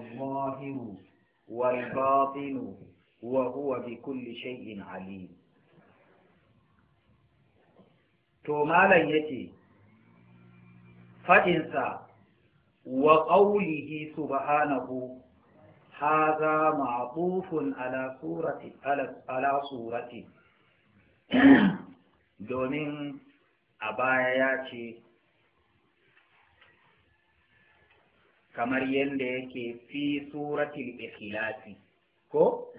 الظاهر والباطن وهو بكل شيء عليم to malam yace fadinsa wa qawlihi subhanahu hadha ma'tufun ala surati ala surati domin a baya ya ce kamar yadda yake fi suratul ikhlasi ko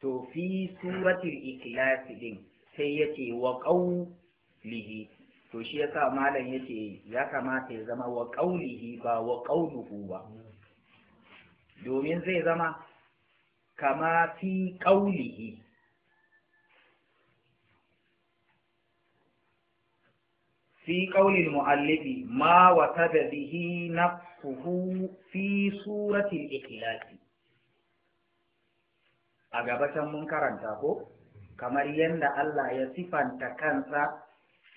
to fi suratul ikhlasi din sai yake wa qawlihi to shi yasa malam yake ya kamata ya zama wa qawlihi ba wa qawluhu ba domin zai zama kama fi qawlihi fi ƙaunin mu'allifi ma wata da bihi na fi suratul ikhlasi a gabatan mun karanta ko kamar yadda Allah ya sifanta kansa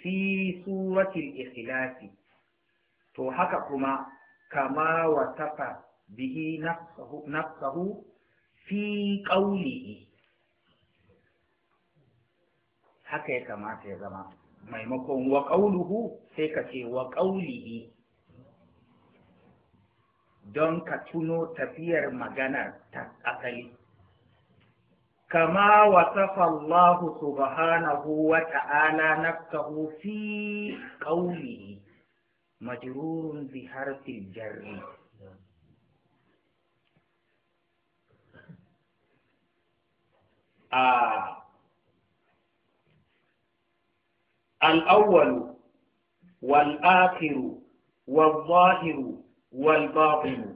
fi suratul ikhlasi to haka kuma kama watafa bihi nafsahu fi ƙaunihi haka ya kamata ya zama maimakon wa ƙauluhu sai ka ce wa ƙaulihi don ka tuno tafiyar maganar ta asali kama wasafa Allah subhanahu wa ta'ala nafsahu fi ƙaulihi majururun bi jarri a ah, الأول والآخر والظاهر والباطن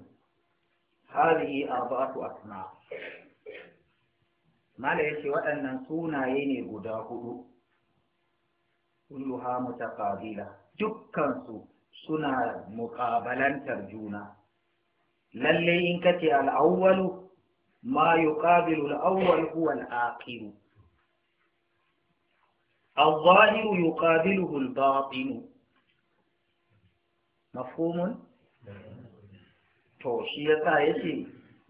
هذه أربعة أسماء ما ليش وأن سونا يني غداه كلها متقابلة دكان سنا مقابلا ترجونا للي إنك الأول ما يقابل الأول هو الآخر الظاهر يقابله الباطن مفهوم to shi yasa yace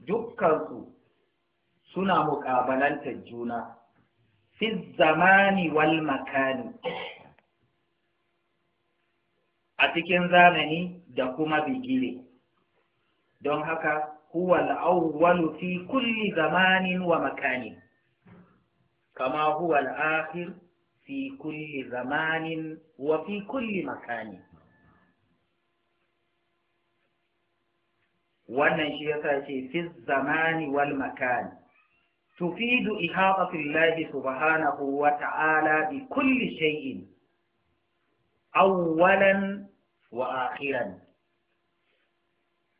dukkansu suna muƙabalanta juna fi zamani wal makani a cikin zamani da kuma bigire don haka huwa al fi kulli zamanin wa makani kama huwa al fi kulli zamanin wa fi kulli makani wannan shi ya sa ce fi zamani wal makani subhanahu wa ta'ala bi kulli shay'in awwalan wa وآخرا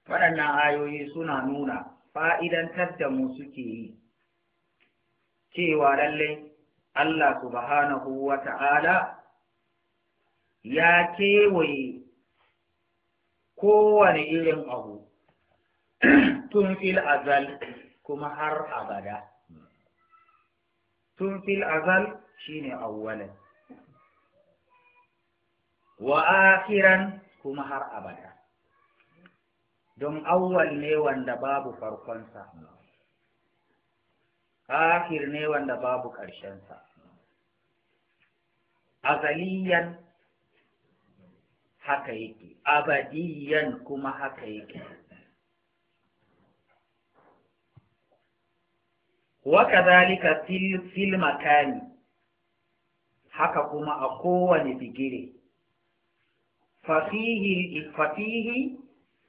waɗannan ayoyi suna nuna fa'idantar da mu suke yi cewa lallai Allah subhanahu wa ta'ala ya kewaye kowane irin abu tun fil azal kuma har abada. Tun fil azal shine awwalan. wa akhiran kuma har abada don awwal ne wanda babu farkonsa akhir ne wanda babu ƙarshensa azaliyan haka yake abadiyan kuma haka yake wakadhalika fil fil makani haka kuma a kowane bigire fafihi fafihi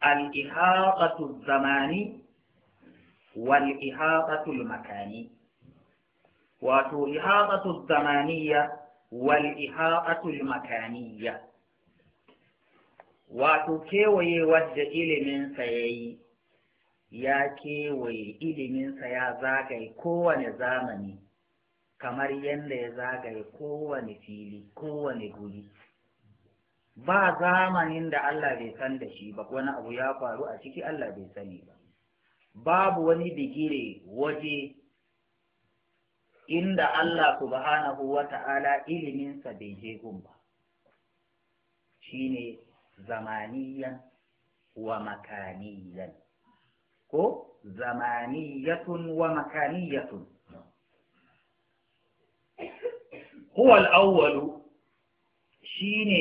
al-ihaqatu zamani wal ihatatul makani wato ihatatul zamaniya wal ihatatul makaniya wato kewaye wadda iliminsa ya yi ya kewaye iliminsa ya zagaye kowane zamani kamar yadda ya zagaye kowane fili kowane guri ba zamanin da Allah bai san da shi ba wani abu ya faru a ciki Allah bai sani ba babu wani bigire waje inda Allah subhanahu wa ta'ala iliminsa bai je gun ba shine zamaniyan wa makaniyan ko zamaniyatun wa makaniyatun huwa al shi shine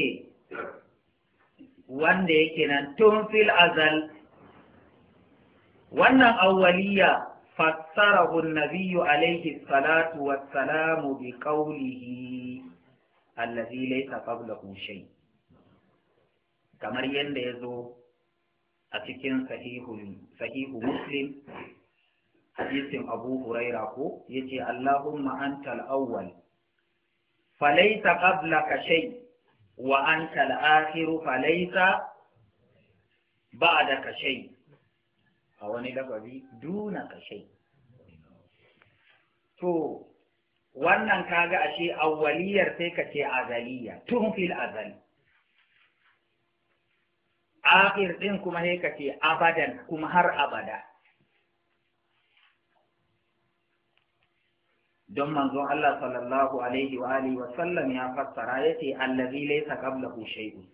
wanda yake nan tun fil azal wannan awwaliya fassarahu hun nabiyyu alaihi salatu wassalamu bi qawlihi allazi laysa qablahu shay kamar yadda yazo a cikin sahihu muslim hadisin abu huraira ko yace, allahumma antal awwal falaita qablaka shay wa antal akhiru falaita ba'daka shay a wani lagari duna kashai to wannan kaga ashe awwaliyar sai ka ce azaliya tun fil azali akhir ɗin kuma sai ka ce abadan kuma har abada don manzon Allah sallallahu alaihi wa alihi wa sallam ya fassara yace allazi laysa qablahu shay'un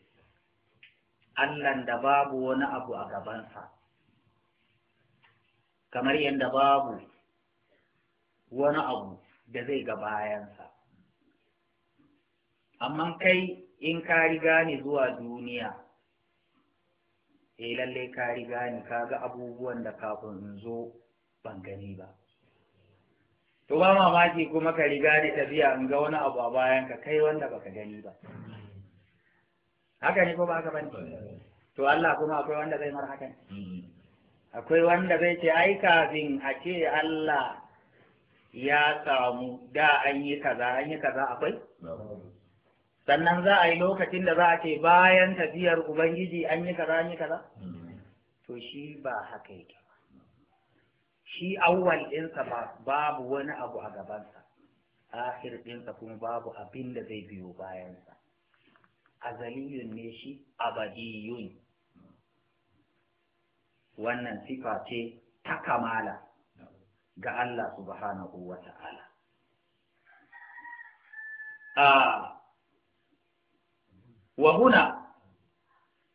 Allah da babu wani abu a gabansa kamar yadda babu wani abu da zai ga bayansa amma kai in ka riga ni zuwa duniya eh lalle ka riga ni ka ga abubuwan da kafin in zo ban gani ba to ba mamaki kuma ka riga ni tafiya in ga wani abu a bayan ka kai wanda baka gani ba haka ne ko ba haka bane to Allah kuma akwai wanda zai mar haka ne mm-hmm. akwai wanda zai ce ai kafin a ce Allah ya samu da an yi kaza an yi kaza akwai sannan za a yi lokacin da za a ce bayan tafiyar ubangiji an yi kaza an yi kaza mm. to shi ba haka yake shi awwal ɗinsa ba babu wani abu a gabansa akhir ɗinsa kuma babu abin da zai biyo bayansa azaliyun ne shi abadiyun wannan sifa ce ta kamala ga Allah subhanahu wa ta'ala. Wa huna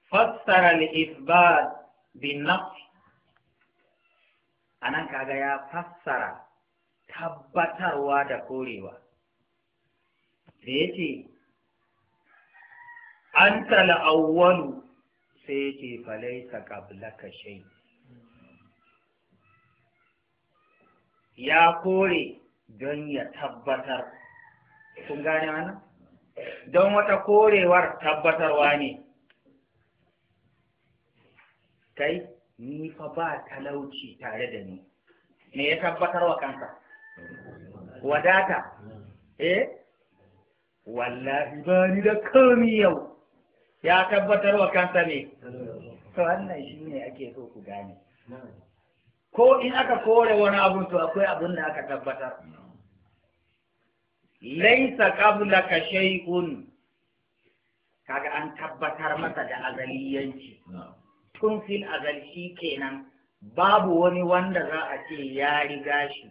fassara al'isbar bin nafi, a nan kaga ya fassara tabbatarwa da korewa. Da ya ce, An tala awwalu sai yake falaisa qablaka shai ya kore don ya tabbatar kun gane mana? don wata korewar tabbatarwa ne kai ni fa ba talauci tare da ni me ya tabbatar wa kansa? wadata eh wallahi ba ni da kami yau ya tabbatar wa kansa ne to wannan shi ne ake so ku gane ko in aka kore wani abu to akwai abun da aka tabbatar laisa ka shay'un kaga an tabbatar masa da azaliyanci tun fil shi kenan babu wani wanda za a ce ya riga shi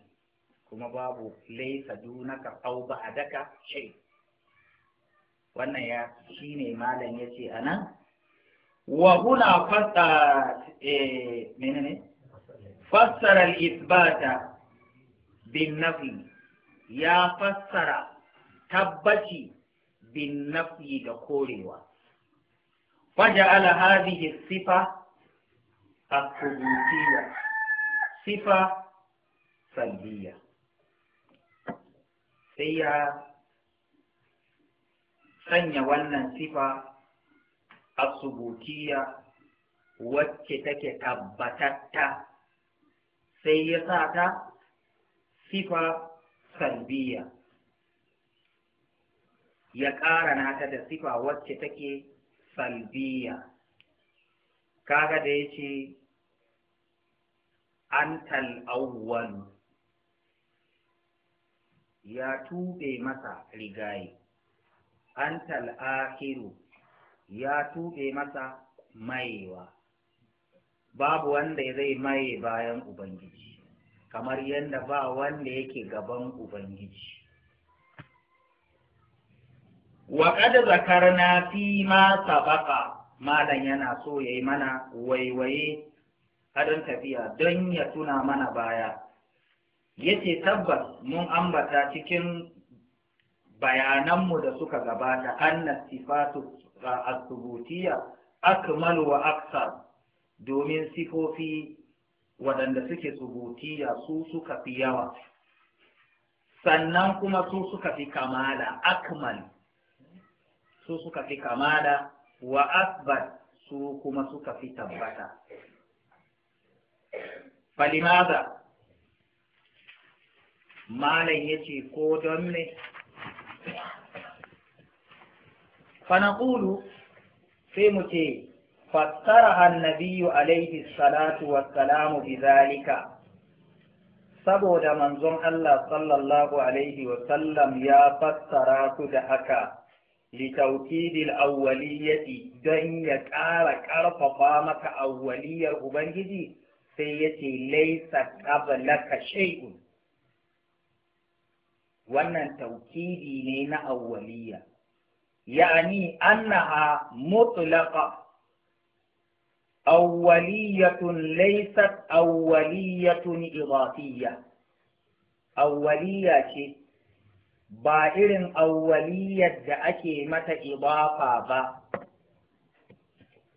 kuma babu laisa dunaka sauba ba'daka shay'un wannan ya shi ne malam ya ce a nan wa huna eh, fassara isbata bin nafi ya fassara tabbaci bin nafi da korewa فجعل sifa الصفة الثبوتية sifa سلبية sai ya sanya wannan sifa a subutiya wacce take tabbatatta sai ya sa ta sifa salbiya ya ƙara nata da sifa wacce take salbiya kaga da ya ce antal auwalu. ya tube masa rigayi antal akhiru ya tuɓe masa mayewa babu wanda zai maye bayan ubangiji kamar yadda ba wanda yake gaban ubangiji wa Zakar zakarna fi ma sabaka malam yana so yayi mana waiwaye adon tafiya don ya tuna mana baya yace tabbas mun ambata cikin bayananmu da suka gabata anna sifatu al-thubutiyya akmal wa aksar domin sifofi waɗanda suke subutiya su suka fi yawa sannan kuma su suka fi kamala akmal su suka fi kamala wa asbat su kuma suka fi tabbata falimaza malam yace ko don ne فنقول في متي fassara النبي عليه الصلاة والسلام بذلك saboda manzon Allah sallallahu alaihi wa sallam ya fassara su da haka litaukidil awwaliyati don ya ƙara ƙarfafa maka awwaliyar Ubangiji sai yace laisa qablaka shay'un wannan taukidi ne na awwaliya ya'ani annaha mutlaqa awwaliyatun laysat awwaliyatun idafiyya awwaliya ce ba irin awwaliyar da ake mata idafa ba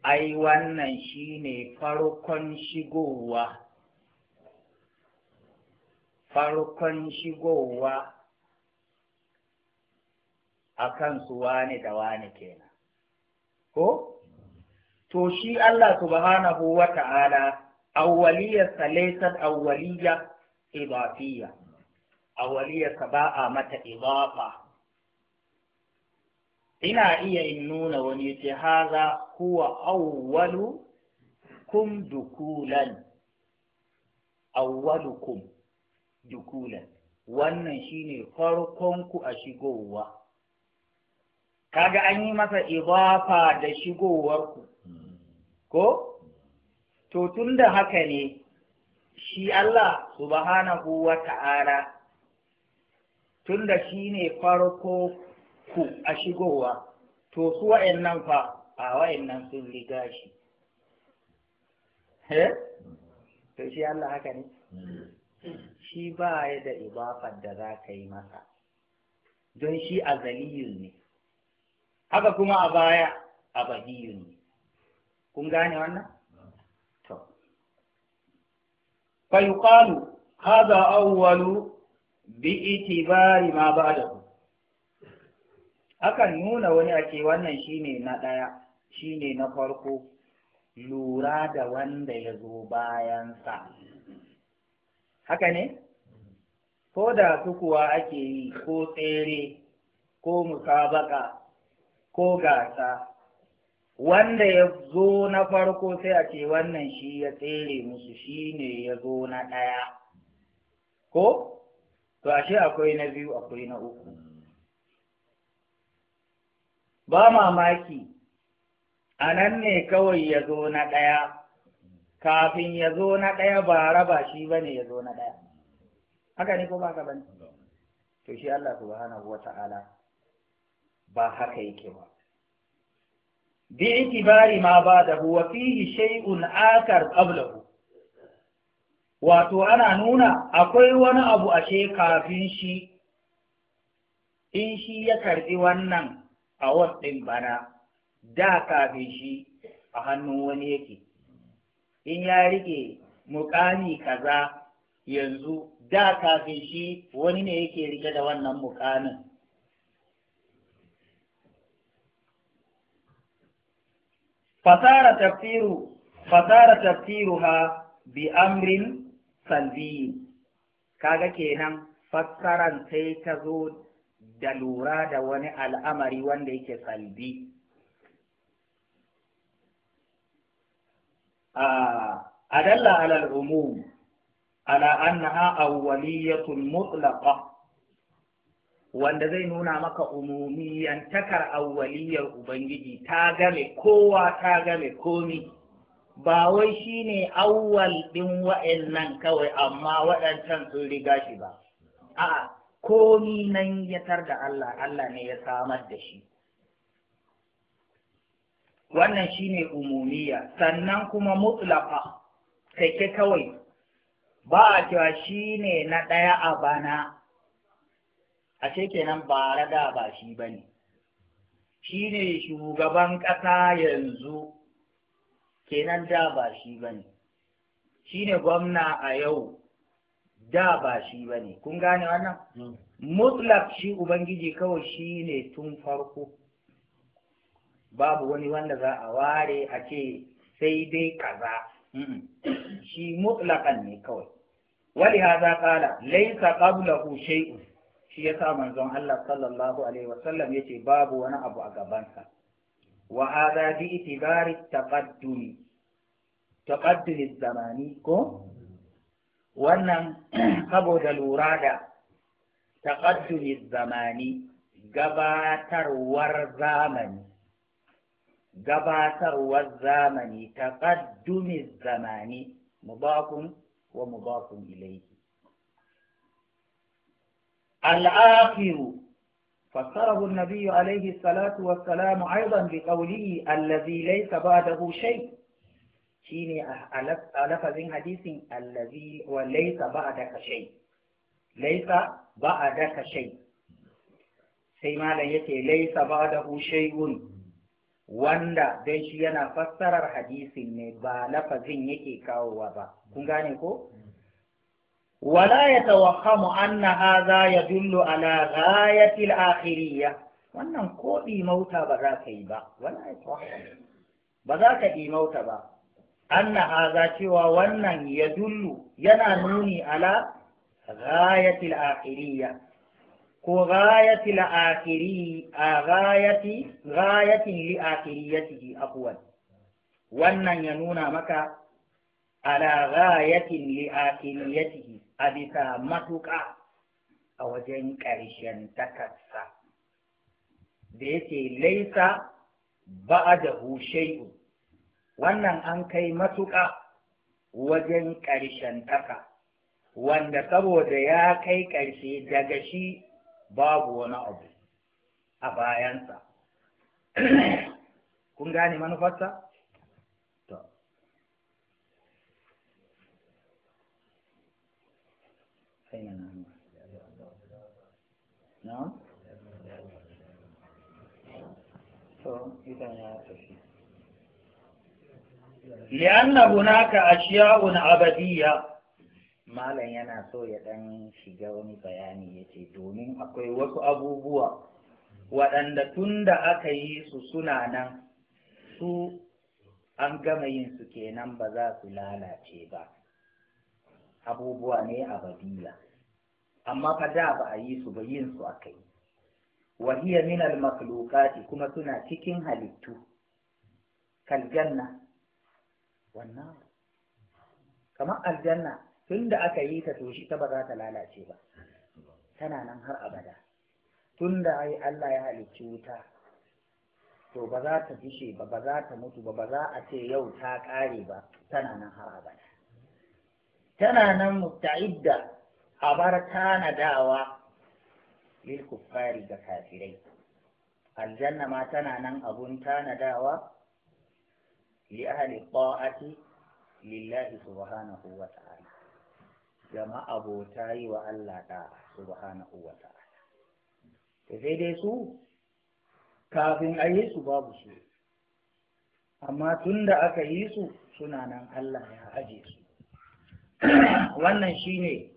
ai wannan shine farkon shigowa farkon shigowa a kan su wane da wani kenan ko to shi Allah subhanahu wa ta'ala awwaliyar salaisar awwaliya idafiyya awwaliyar ba a mata Ibafa. ina iya in nuna wani ce haza huwa awwalu kum dukulan awwalukum dukulan wannan shine farkon ku a shigowa kaga an yi masa idafa da shigowarku ko to tun da haka ne shi Allah subhanahu wa ta'ala tun da shi ne farko ku a shigowa to su wa'annan fa a wa'annan sun riga shi he to shi Allah haka ne shi ba ya da ibafan da za ka yi masa don shi azaliyun ne haka kuma a baya abadiyun kun gane wannan to fa yuqalu hadha awwalu bi itibari ma ba'dahu akan nuna wani a ce wannan shine na ɗaya shine na farko lura da wanda ya zo bayansa haka ne ko da kuwa ake yi ko tsere ko musabaka ko gasa wanda ya zo na farko sai a ce wannan shi ya tsere musu shi ne ya zo na ɗaya ko to ashe akwai na biyu akwai na uku ba mamaki a nan ne kawai ya zo na ɗaya kafin ya zo na ɗaya ba raba shi ba ne ya zo na ɗaya haka ne ko ba ka ba ne to shi Allah subhanahu wa ta'ala ba haka yake ba bi itibari ma ba da huwa fihi shay'un akar qablahu wato ana nuna akwai wani abu ashe kafin shi in shi ya karɓi wannan a ɗin bana da kafin shi a hannun wani yake in ya rike muƙami kaza yanzu da kafin shi wani ne yake rike da wannan mukamin fasara tafsiru fasara tafsiruha bi amrin salbi kaga kenan fassaran sai ta zo da lura da wani al'amari wanda yake salbi adalla alal umum ala annaha awwaliyatun mutlaqa wanda zai nuna maka takar awwaliyar ubangiji ta game kowa ta game komi ba wai shine awwal din wa'annan kawai amma waɗancan sun riga shi ba a'a komi nan ya tar da Allah Allah ne ya samar da shi wannan shine umumiya sannan kuma mutlaqa take kawai ba a cewa shine na ɗaya a bana ashe kenan ba rada ba shi ba ne shi ne shugaban ƙasa yanzu kenan da ba shi ba ne shi ne gwamna a yau da ba shi ba ne kun gane wannan hmm. mutlak shi ubangiji kawai shi ne tun farko babu wani wanda za a ware a ce sai dai kaza shi mutlakan ne kawai wali haza kala laisa ku, shay'un shi ya sa manzon Allah sallallahu alaihi wasallam ya ce babu wani abu a gabansa wa hadha bi itibari taqaddumi taqaddumi zamani ko wannan saboda lura da taqaddumi zamani gabatarwar zamani gabatarwar zamani taqaddumi zamani mudafun wa mudafun ilayhi الآخر فسره النبي عليه الصلاة والسلام أيضا بقوله الذي ليس بعده شيء شيني ألفظ حديث الذي وليس بعدك شيء ليس بعدك شيء سيما يتي ليس بعده شيء wanda don shi yana fassarar hadisin ne ba lafazin yake kawowa ba kun gane ko wala ya tawakkamu هذا يدل على ala ghayatil wannan ko mauta ba za ka yi ba wala ya ba za ka mauta ba anna haza cewa wannan ya dullu yana nuni ala ghayatil akhiriyya ko ghayatil akhiri a ghayati ghayatin li akhiriyyatihi aqwal wannan ya nuna maka ala ghayatin li akhiriyyatihi a bisa matuƙa a wajen ƙarshen takarsa da yake laisa ba da shay'un wannan an kai matuƙa wajen ƙarshen taka wanda saboda ya kai ƙarshe daga shi babu wani abu a bayansa kun gane manufarsa أين نعم نعم إذا ya tafi liyanna hunaka ashiyaun abadiyya malam yana so ya ɗan shiga wani bayani ya domin akwai wasu abubuwa waɗanda tun da aka yi su suna nan su an gama yin su kenan ba za su lalace ba abubuwa ne abadiya amma fa da ba a yi su ba yin su aka yi wa hiya min al makhluqati kuma suna cikin halittu kal janna wannan kamar aljanna tunda aka yi ta to shi ta ba za ta lalace ba tana nan har abada tunda ai Allah ya halicci wuta to ba za ta fishe ba ba za ta mutu ba ba za a ce yau ta ƙare ba tana nan har abada tana nan musta'idda a bar tanadawa lil kuffari ga kafirai aljanna ma tana nan abun tanadawa li ahli ta'ati lillahi subhanahu wa ta'ala jama abota yi wa Allah da subhanahu wa ta'ala to sai dai su kafin ayi su babu su amma tun da aka yi su suna nan Allah ya aje su wannan shine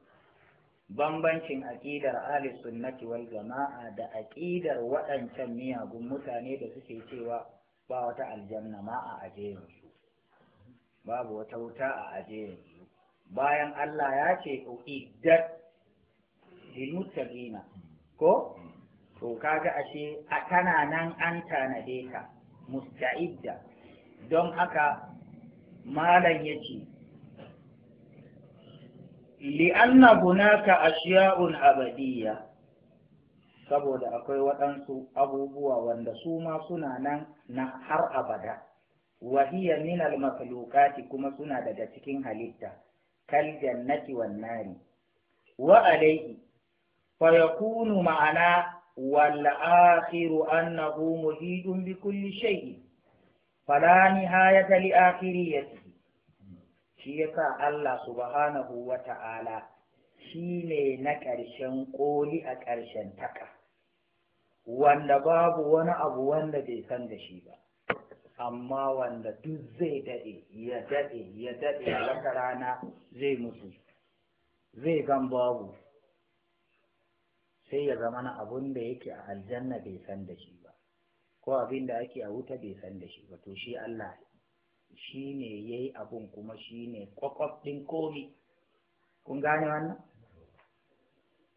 bambancin aƙidar ahli sunnati wal jama'a da aƙidar waɗancan miyagun mutane da suke cewa ba wata aljanna ma a aje yanzu babu wata wuta a aje yanzu bayan Allah ya ce uiddat lil ko to kaga ashe a tana nan an tanade ka musta'idda don haka malam yace li'anna hunaka ashiya'un abadiyya saboda akwai waɗansu abubuwa wanda su ma suna nan na har abada wa hiya min al-makhluqati kuma suna daga cikin halitta kal jannati wan nari wa alayhi fa yakunu ma'ana wal akhiru annahu muhidun bi kulli shay'in fala nihayata li akhiriyati shi yasa Allah subhanahu wa ta'ala shi ne na ƙarshen ƙoli a ƙarshen taka wanda babu wani abu wanda bai san da shi ba amma wanda duk zai daɗe ya daɗe ya daɗe wata rana zai mutu zai gan babu sai ya zama na abin da yake a aljanna bai san da shi ba ko abin da ake a wuta bai san da shi ba to shi Allah shi ne ya yi abun kuma shi ne ɗin komi kun gane wannan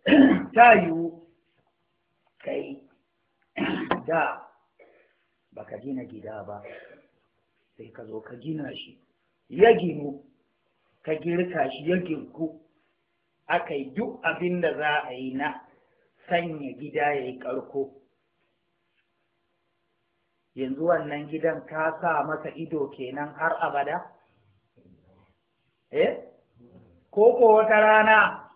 ta yiwu kai da baka gina gida ba sai ka zo ka gina shi ya ginu ka girka shi ya girku aka yi duk abin da za a yi na sanya gida ya yi ƙarko yanzu wannan gidan ka sa masa ido kenan har abada eh ko ko wata rana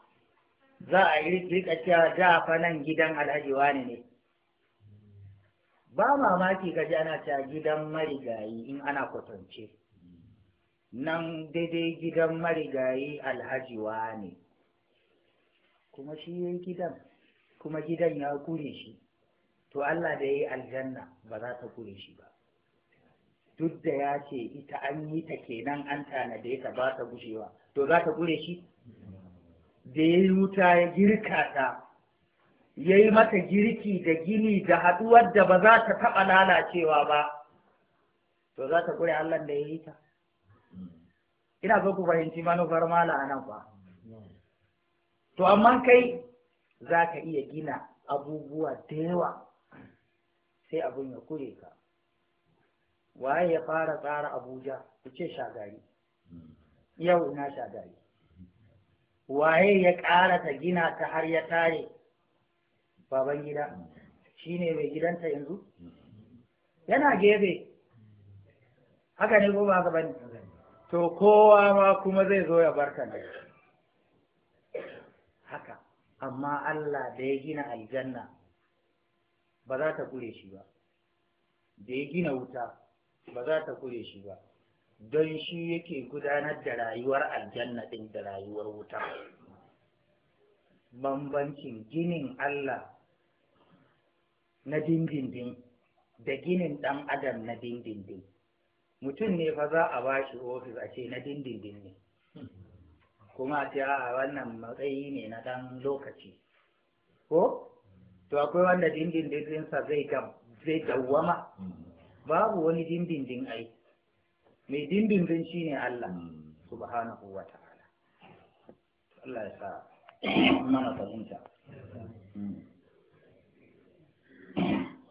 za a rika cewa da nan gidan alhaji wani ne ba mamaki ka ji ana cewa gidan marigayi in ana kwatance nan daidai gidan marigayi alhaji wani kuma shi yi gidan kuma gidan ya kure shi to Allah da ya yi aljanna ba za ta kure shi ba duk da ya ce ita an yi ta kenan an tanade ta ba ta gushewa to za ta kure shi da ya yi wuta ya girka ta ya yi mata girki da gini da haɗuwar da ba za ta taɓa lalacewa ba to za ta kure Allah da ya yi ta ina so ku fahimci manufar mala nan ba to amma kai za ka iya gina abubuwa da yawa sai abin ya kure ka waye ya fara tsara abuja ku ce shagari yau ina shagari waye ya ƙara ta gina ta har ya tare baban gida shi ne mai gidanta yanzu yana gefe haka ne ko ba ka bane to kowa ma kuma zai zo ya barka ne haka amma Allah da ya gina aljanna ba za ta kure shi ba da ya gina wuta ba za ta kure shi ba don shi yake gudanar da rayuwar aljanna ɗin da rayuwar wuta bambancin ginin Allah na dindindin da ginin ɗan adam na dindindin mutum ne fa za a bashi ofis a ce na dindindin ne kuma a ce wannan matsayi ne na ɗan lokaci ko to akwai wanda dindindin ɗinsa zai zai dawwama mm. babu wani dindindin ai mai dindindin shine Allah mm. subhanahu wa ta'ala Allah ya sa mana fahimta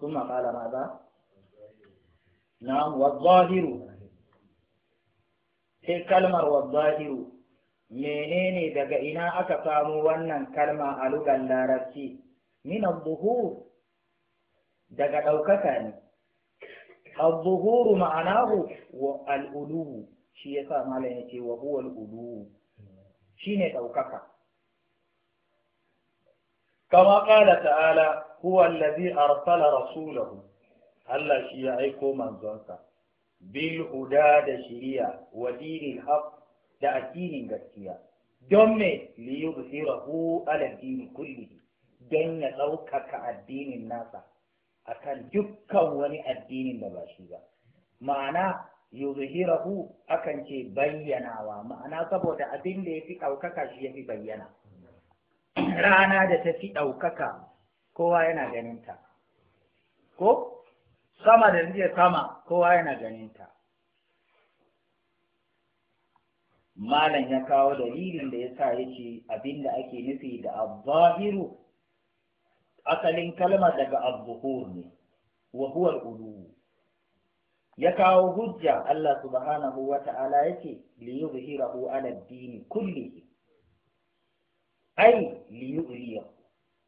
kala ma ماذا na والظاهر sai kalmar wadzahiru menene daga ina aka samu wannan kalma a lugan larabci من الظهور دقا دوكتان الظهور معناه والألو شيء ما وهو الألو شين دوكتا كما قال تعالى هو الذي أرسل رسوله ألا شيعيكو من ذاك بالهدى دشريا ودين الحق تأتين قتيا دم ليظهره على الدين كله don ya ɗaukaka addinin nasa akan dukkan wani addinin da ba shi ba ma'ana yuzhirahu akan ce bayyanawa ma'ana saboda abin da ya fi ɗaukaka shi ya fi bayyana rana da ta fi ɗaukaka kowa yana ganinta ko sama da zai sama kowa yana ganinta malam ya kawo dalilin da ya yasa yace abin da ake nufi da azahiru asalin kalma daga al-Buhur ne wa huwa ulu ya kawo hujja Allah subhanahu wa ta'ala yake li yuzhirahu ala ad-din ai li yu'liya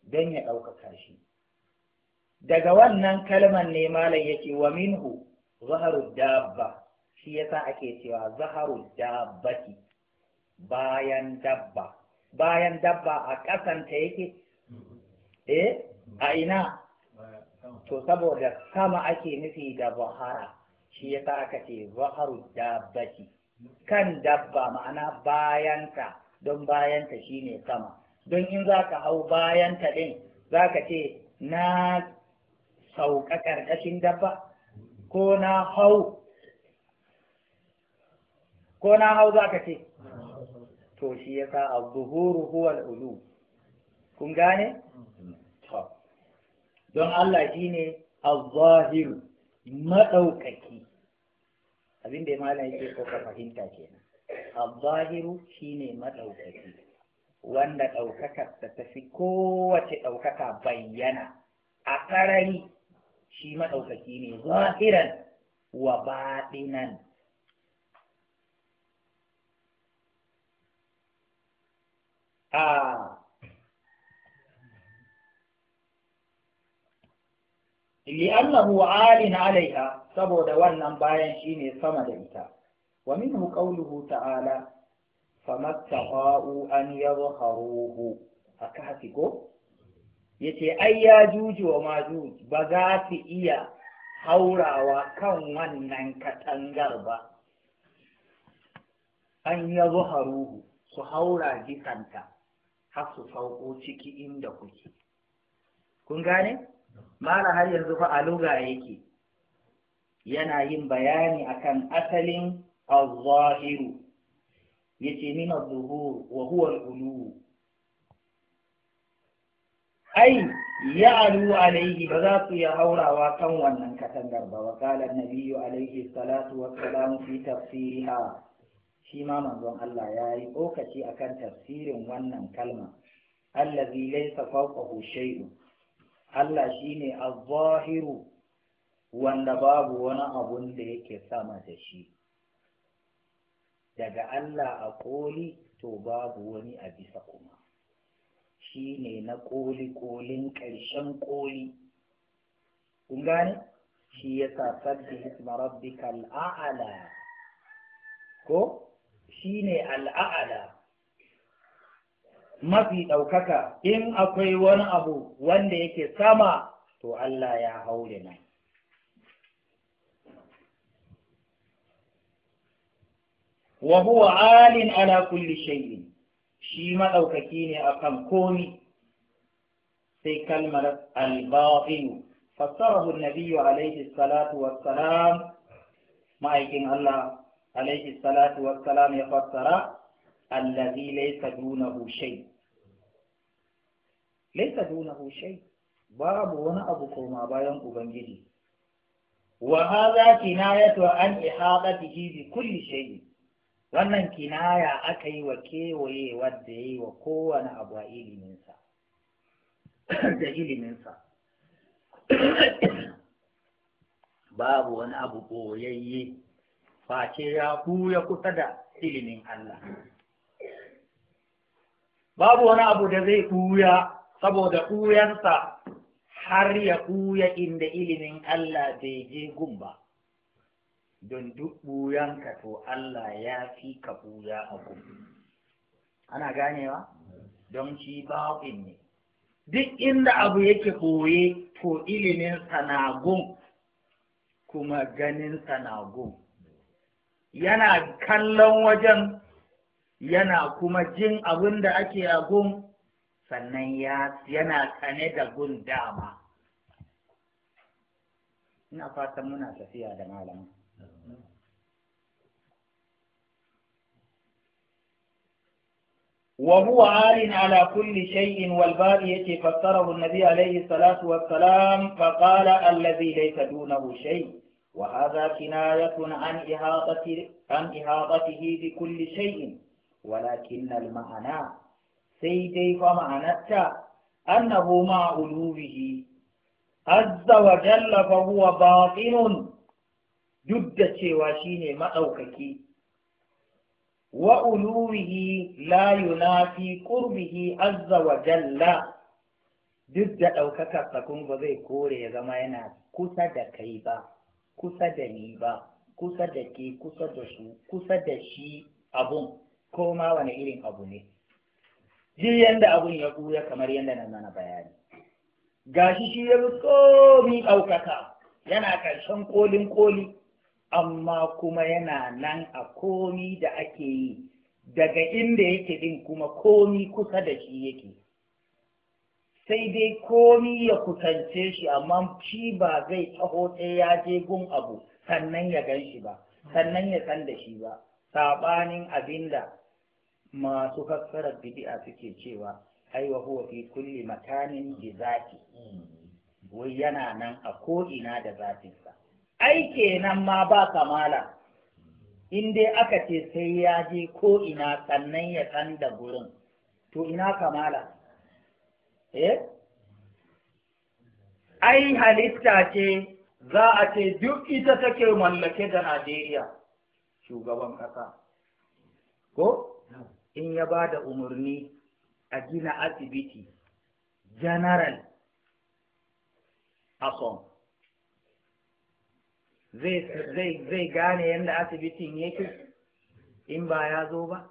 dan ya ɗaukaka shi daga wannan kalman ne malam yake wa minhu zaharu dabba shi yasa ake cewa zaharu dabbati bayan dabba bayan dabba a ƙasanta yake eh a ina to saboda sama ake nufi da bahara shi yasa aka ce baharu dabbati kan dabba ma'ana bayanta don bayanta shine sama don in za ka hau bayanta ɗin za ka ce na sauka ƙarƙashin dabba ko na hau ko na hau za ka ce to shi yasa a zuhuru huwa al-ulu kun gane don Allah shi ne al zahiru maɗaukaki abin da mana yake so ka fahimta kenan al-zahiru shi ne maɗaukaki wanda ɗaukakarsa ta fi kowace ɗaukaka bayyana a sarari shi maɗaukaki ne zahiran wa baɗinan a ah, li'annahu alin alaiha saboda wannan bayan shine sama da ita wa minhu qawluhu ta'ala famattaqa'u an yadhharuhu aka hasi ko yace ai ya juju wa majuj ba za su iya haurawa kan wannan katangar ba an yadhharuhu su haura jikanta har su sauko ciki inda kuke kun gane mala har yanzu fa aluga yake yana yin bayani akan asalin al-zahiru yace min az-zuhur wa huwa al-ulu ai alu alayhi ba za su ya haurawa kan wannan katangar ba wa qala nabiyyu alayhi salatu wa salam fi tafsiriha shi ma manzon Allah ya yi tsokaci akan tafsirin wannan kalma allazi laysa fawqahu shay'un Allah shi ne a zahiru wanda babu wani abun da yake sama da shi daga Allah a koli to babu wani a bisa kuma shi ne na koli kolin ƙarshen koli kun gane shi ya sa sabbi isma ko shi ne al'a'ala mafi ɗaukaka in akwai wani abu wanda yake sama to Allah ya haure nan. Wa huwa alin ala kulli shay'in shi maɗaukaki ne akan komi sai kalmar al fassarahu Nabiyu nabiy salatu wassalam ma'aikin Allah alayhi salatu wassalam ya fassara allazi laysa dunahu shay laisa dunahu shay babu wani abu koma bayan ubangiji wa hadha kinayatu an ihadatihi bi kulli shay wannan kinaya aka yi wa kewaye wadda yi wa kowane abu a iliminsa da iliminsa babu wani abu boyayye face ya ya kusa da ilimin Allah babu wani abu da zai buya. saboda ɓuyansa har ya ɓuya inda ilimin Allah bai je gumba, don duk ɓuyanka to Allah ya fi ka ɓuya a gumba. ana ganewa don shi baɓin ne duk inda abu yake ɓoye to ilimin gum, kuma ganin gum. yana kallon wajen yana kuma jin abin da ake agun sannan ya yana kane da gun dama ina fatan muna tafiya da malamin وهو عال على كل شيء والباب يتي فسره النبي عليه الصلاة والسلام فقال الذي ليس دونه شيء وهذا كناية عن إهاطة عن إهاطته بكل شيء ولكن المعنى sai dai fa ma'anarta annahu ma ulubihi azza wa jalla fa huwa batinun duk da cewa shine madaukaki wa ulubihi la yunafi qurbihi azza wa jalla duk da ɗaukakar sakun ba zai kore ya zama yana kusa da kai ba kusa da ni ba kusa da ke kusa da su kusa da shi abun ko ma wani irin abu ne duk yanda abun ya buya kamar yanda na mana bayani gashi shi ya bi komi ɗaukaka yana ƙarshen kolin koli amma kuma yana nan a komi da ake yi daga inda yake din kuma komi kusa da shi yake sai dai komi ya kusance shi amma shi ba zai taho sai ya je gun abu sannan ya gan shi ba sannan ya san da shi ba saɓanin abinda masu fassarar bid'a suke cewa ai wa huwa fi kulli makanin bi zati wai yana nan a ko ina da sa ai kenan ma ba kamala in dai aka ce sai ya je ko ina sannan ya san da gurin to ina kamala eh ai halitta ce za a ce duk ita take mallake da Najeriya shugaban kasa. ko in ya ba da umarni a gina asibiti general asom zai gane yadda asibitin yake in ba ya zo ba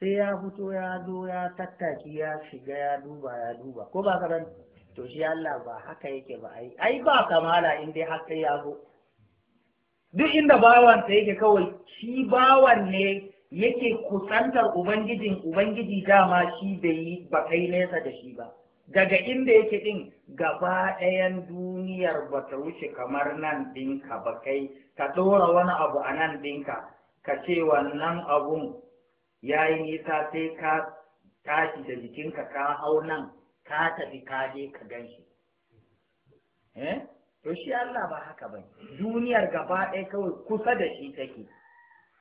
sai ya fito ya zo ya tattaki ya shiga ya duba ya duba ko ba karan to shi Allah ba haka yake ba ai ai ba kamala in dai har ya zo duk inda bawan sa yake kawai shi bawan ne yake kusantar ubangijin ubangiji dama shi bai yi ba kai nesa da shi ba daga inda yake din gaba ɗayan duniyar ba ta wuce kamar nan ɗinka ba kai ka ɗora wani abu a nan ɗinka ka ce wannan abun ya yi nisa sai ka tashi da jikinka ka hau nan ka tafi ka je ka gan shi eh? to shi Allah ba haka ba duniyar gaba ɗaya kawai kusa da shi take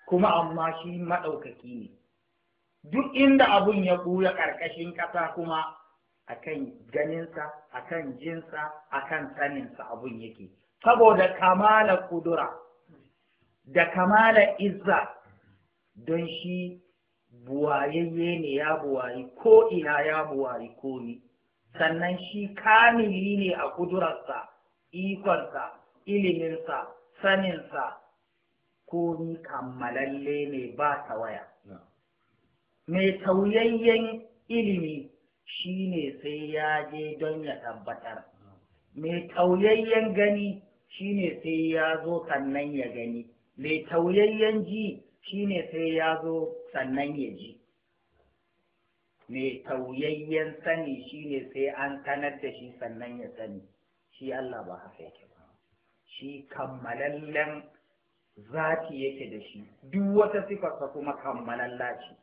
kuma amma shi maɗaukaki ne duk inda abun ya ɓuya ƙarƙashin ƙasa kuma a kan ganinsa a kan jinsa a kan saninsa abun yake saboda kamala kudura da kamala izza don shi buwayayye ne ya buwayi ko ina ya buwayi ko ni sannan shi kamili ne a kudurarsa ikonsa iliminsa saninsa komi kammalalle ne ba ta waya. mai tauyayyen ilimi shine sai ya je don ya tabbatar mai tauyayyen gani shine sai ya zo sannan ya gani mai tauyayyen ji shine sai ya zo sannan ya ji mai tauyayyen sani shine sai an sanar da shi sannan ya sani shi Allah ba haka yake ba shi kammalallen zati yake da shi duk wata sifarsa kuma kammalan ce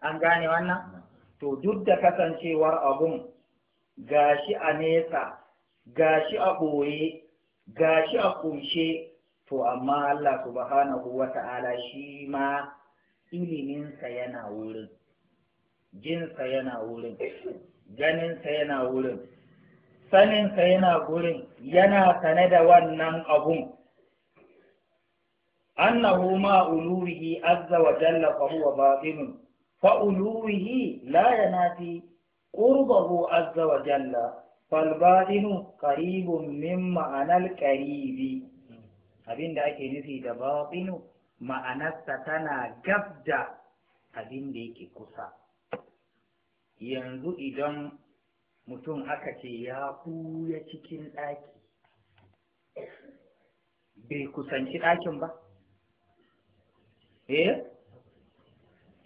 an gane wannan to duk da kasancewar abun gashi a nesa gashi a ɓoye gashi a ƙunshe to amma Allah subhanahu wa ta'ala shi ma iliminsa yana wurin jinsa yana wurin ganinsa yana wurin saninsa yana gurin yana sane da wannan abun أنه ما ألوه عز وجل فهو باطل فألوه لا ينافي قربه عز وجل فالباطن قريب من معنى القريب abin da ake nufi da baɗinu ma'anarsa tana gab da abin da yake kusa yanzu idan mutum aka ce ya ɓuya cikin ɗaki bai kusanci ɗakin ba eh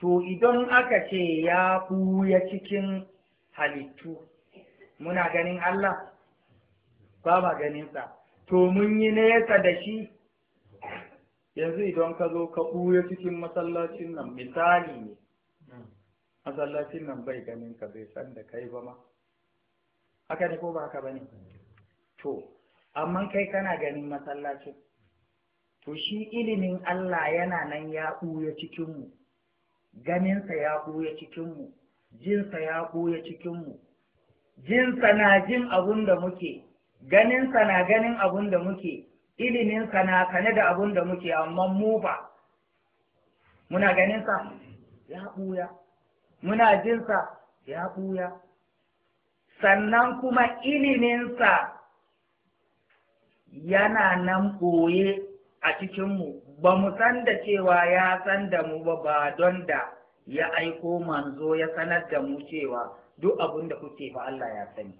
to idan aka ce ya buya cikin halittu muna ganin Allah ba ma ganinsa to mun yi nesa da shi yanzu idan ka zo ka buya cikin masallacin nan misali ne masallacin nan bai ganin ka bai san da kai ba ma haka ne ko ba haka ba ne to amma kai kana ganin masallacin to shi ilimin Allah yana nan ya ɓuya cikinmu ganinsa ya ɓuya cikinmu jinsa ya ɓuya cikinmu jinsa na jin abun da muke ganinsa na ganin abun da muke iliminsa na kane da abun da muke amma mu ba muna ganinsa ya ɓuya muna jinsa ya ɓuya sannan kuma iliminsa yana nan ɓoye a cikinmu ba mu san da cewa ya san da mu ba ba don da ya aiko manzo ya sanar da mu cewa duk abin da kuke fa Allah ya sani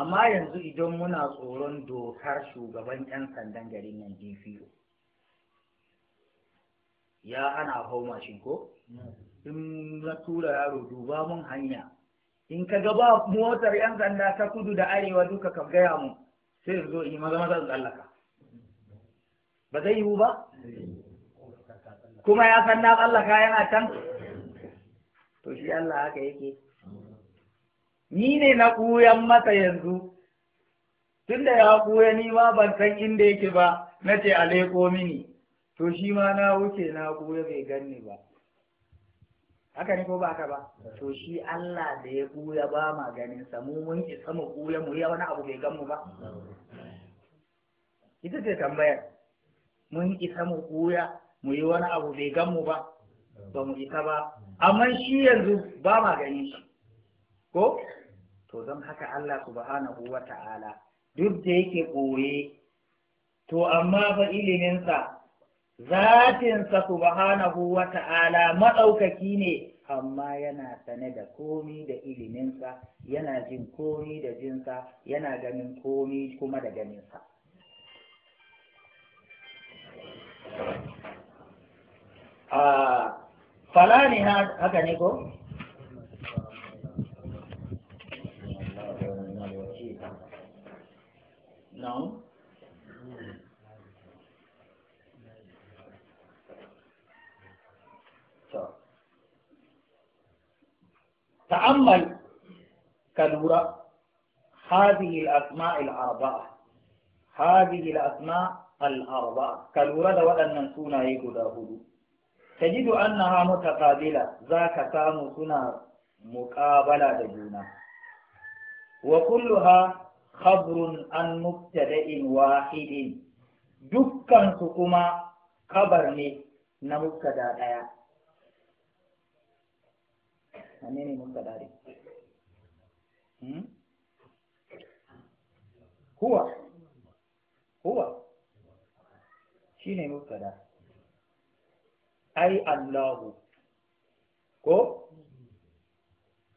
amma yanzu idan muna tsoron dokar shugaban 'yan sandan garin nan DPO ya ana hau shi ko in na tura yaro duba mun hanya in ka ga motar 'yan sanda ta kudu da arewa duka ka gaya mu sai zo in maza maza tsallaka ba zai yiwu ba kuma ya san na tsallaka yana can to shi Allah haka yake ni ne na kuyan masa yanzu tunda ya kuya ni ma ban san inda yake ba na ce a leƙo mini to shi ma na wuce na kuya bai ganni ba haka ne ko ba haka ba to shi Allah da ya kuya ba ma ganin sa mu mun isa mu kuya mu ya wani abu bai gan mu ba ita ce tambayar mun isa mu kuya, mu yi wani abu bai gan mu ba ba mu isa ba amma shi yanzu ba ma gani shi ko to don haka Allah subhanahu wa ta'ala duk da yake ɓoye to amma fa iliminsa zatinsa subhanahu wa ta'ala maɗaukaki ne amma yana sane da komi da iliminsa yana jin komi da jinsa yana ganin komi kuma da ganinsa. a falani haka ne ko No. So. تأمل كالورا هذه الأسماء الأربعة هذه الأسماء الأربعة كالورا ودن سونا يقول tajidu annaha mutaqabila zaka samu suna muqabala da juna wa kulluha khabrun an mubtada'in wahidin dukkan su kuma kabar ne na mubtada daya ne mubtada ne hmm? huwa huwa shine mubtada ai Allahu ko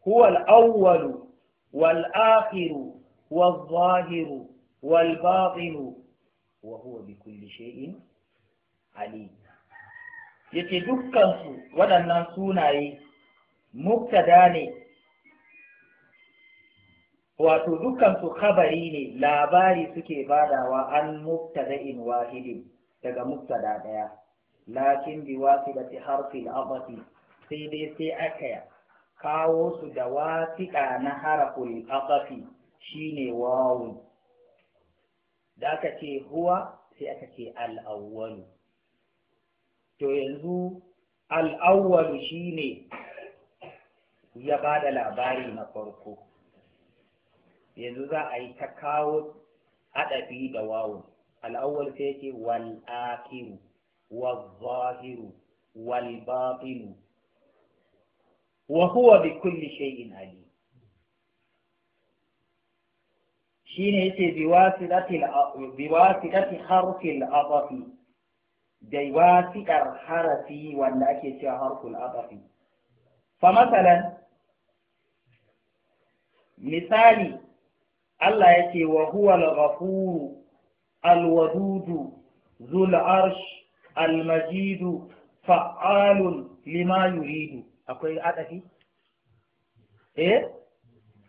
huwa al-awwal wal akhir wal zahir wal batin wa huwa bi kulli shay'in alim yace dukkan su waɗannan sunaye muktada ne wato dukkan su khabari ne labari suke badawa an in wahidin daga muktada daya lakin bi wasilati harfi al-aqati sai dai sai aka kawo su da wasiƙa na al aqafi shine wawu da aka ce huwa sai aka ce al awwal to yanzu al awwal shine ya bada labari na farko yanzu za a yi ta kawo adabi da wawu al-awwal sai yake wal akiru والظاهر والباطن وهو بكل شيء عليم شين يتي بواسطة بواسطة حرف الأطف بواسطة الحرف ولا أكي حرف الأطف فمثلا مثالي الله يتي وهو الغفور الودود ذو العرش almajidu fa'alun lima yuridu akwai adafi eh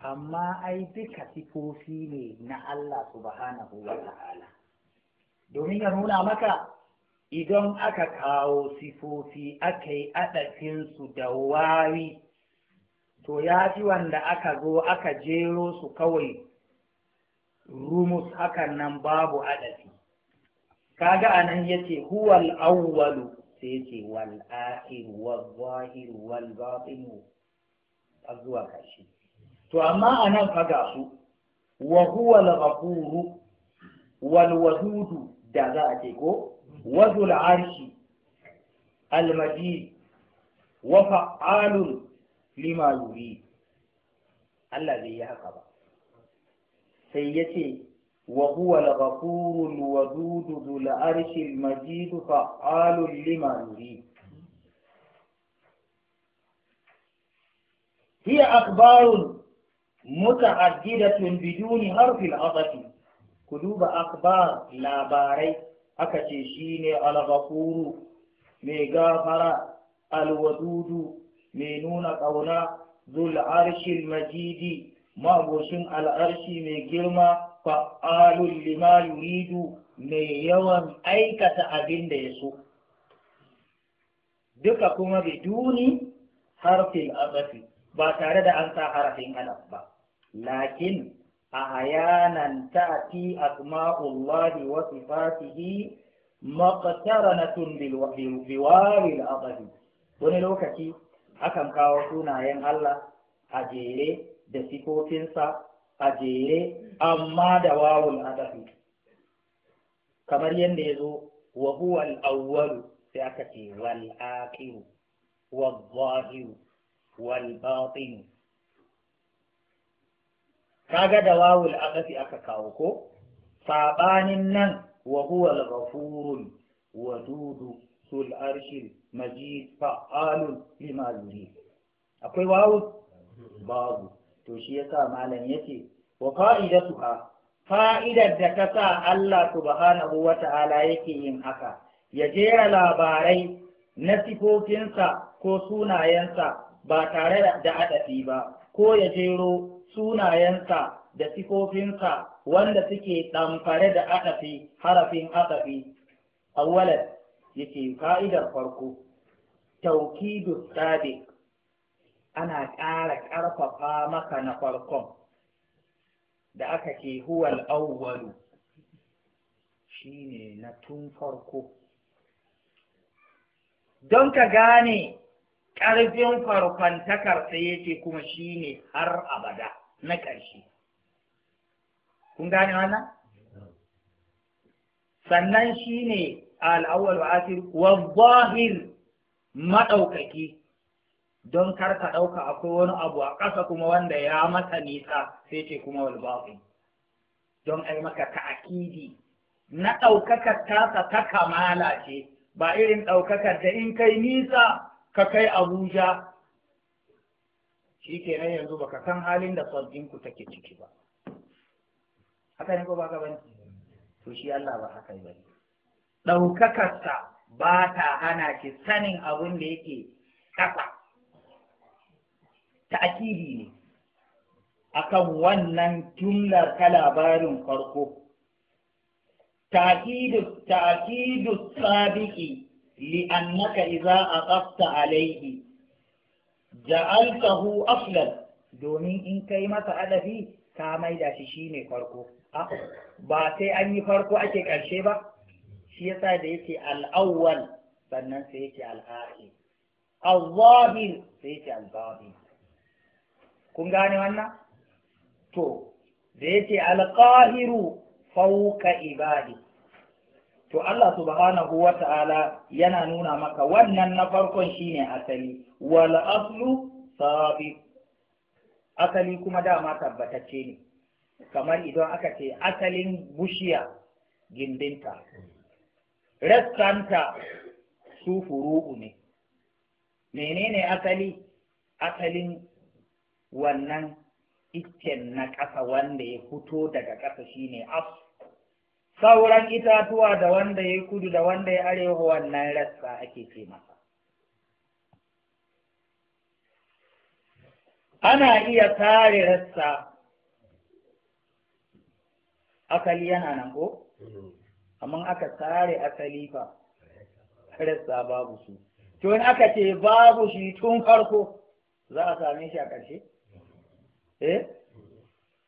amma ai duka sifofi ne na Allah subhanahu wa ta'ala domin ya nuna maka idan aka kawo sifofi aka yi adafinsu da wari to ya fi wanda aka zo aka jero su kawai rumus hakan nan babu adafi kaga anan yace huwal awwalu sai yace wal akhir wal zahir wal batin zuwa kashi to amma anan ga su wa huwal ghafur wal wadud da za a ce ko wazul arshi al majid wa fa'alun lima yuri Allah bai yi haka ba sai yace وهو الغفور الودود ذو العرش المجيد فعال لما يريد هي أخبار متعددة بدون حرف العطف قلوب أخبار لا باري أكتشيني الغفور ميغافر الودود مينون قونا ذو العرش المجيد ما بوشن العرش ميجرما fa'alun lima yuridu mai yawan aikata abin da ya so duka kuma duni harfin azafi ba tare da an sa harafin alaf ba lakin a hayanan asma'ul asma'ullahi wa sifatihi maqtaranatun bil biwawil azafi. wani lokaci akan kawo sunayen Allah a jere da sifofinsa ajiye amma da wawul adafi kamar yadda ya zo wa huwa al-awwalu sai aka ce wal akhiru wal zahiru wal batin kaga da wawul adafi aka kawo ko sabanin nan wa huwa al wa wadudu sul arshil majid fa'alun lima yurid akwai wawul babu to shi yasa malam yace wa fa'idatuha fa'idar da ta sa Allah subhanahu wa ta'ala yake yin haka ya jera labarai na sifofinsa ko sunayensa ba tare da adafi ba ko ya jero sunayensa da sifofinsa wanda suke ɗamfare da adafi harafin adafi awwalan yake fa'idar farko taukidu sabiq ana ƙara ƙarfafa maka na farkon da aka ke huwal awwalu shine na tun farko don ka gane ƙarfin farkon takarsa yake kuma shine har abada na ƙarshe kun gane wannan sannan shine al'awwal wa akhir wa zahir don kar ka ɗauka akwai wani abu a ƙasa kuma wanda ya masa nisa sai ce kuma walbafi don ai maka ta'akidi na ɗaukakar tasa ta kamala ce ba irin ɗaukakar da in kai nisa ka kai abuja shi ke nan yanzu baka san halin da ku take ciki ba haka ne ko ba ka bane to shi Allah ba haka yi bane ɗaukakarsa ba ta hana ki sanin abin da yake ƙasa ta'kidi ne akan wannan jumlar ta labarin farko ta'kidu ta'kidu sabiqi لأنك إذا أقفت عليه جعلته أصلا domin in kai masa adafi ka maida shi shine farko ba sai an yi farko ake ƙarshe ba shi yasa da yake al'awwal sannan sai yake al'akhir al-zahir sai yake al-zahir kun gane wannan to da yace alqahiru fawqa ibadi to Allah subhanahu wa ta'ala yana nuna maka wannan na farkon shine asali wal aslu sabi asali kuma dama tabbatacce ne kamar idan aka ce asalin bushiya gindinta restanta su furu'u ne menene asali asalin wannan iccen na ƙasa wanda ya fito daga ƙasa shine as sauran itatuwa da wanda ya kudu da wanda ya arewa wannan rassa ake ce masa ana iya tare rassa asali yana nan ko amma aka tare asali fa rassa babu su to in aka ce babu shi tun farko za a same shi a ƙarshe Eh?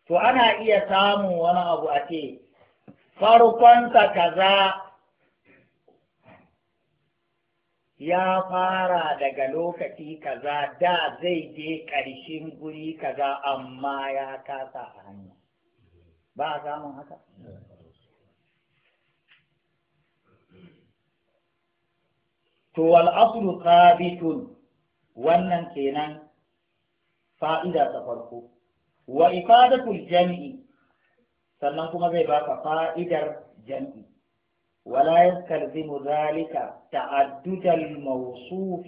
to ana iya samun wani abu a ce farkonsa kaza ya fara daga lokaci kaza da zai je ƙarshen guri kaza amma ya kasa a hannu ba a samun haka to wal'asulu thabitun wannan kenan fa'ida ta farko wa ifadatul jam'i sannan kuma zai baka fa'idar jam'i ولا يستلزم zalika ta'addudal الموصوف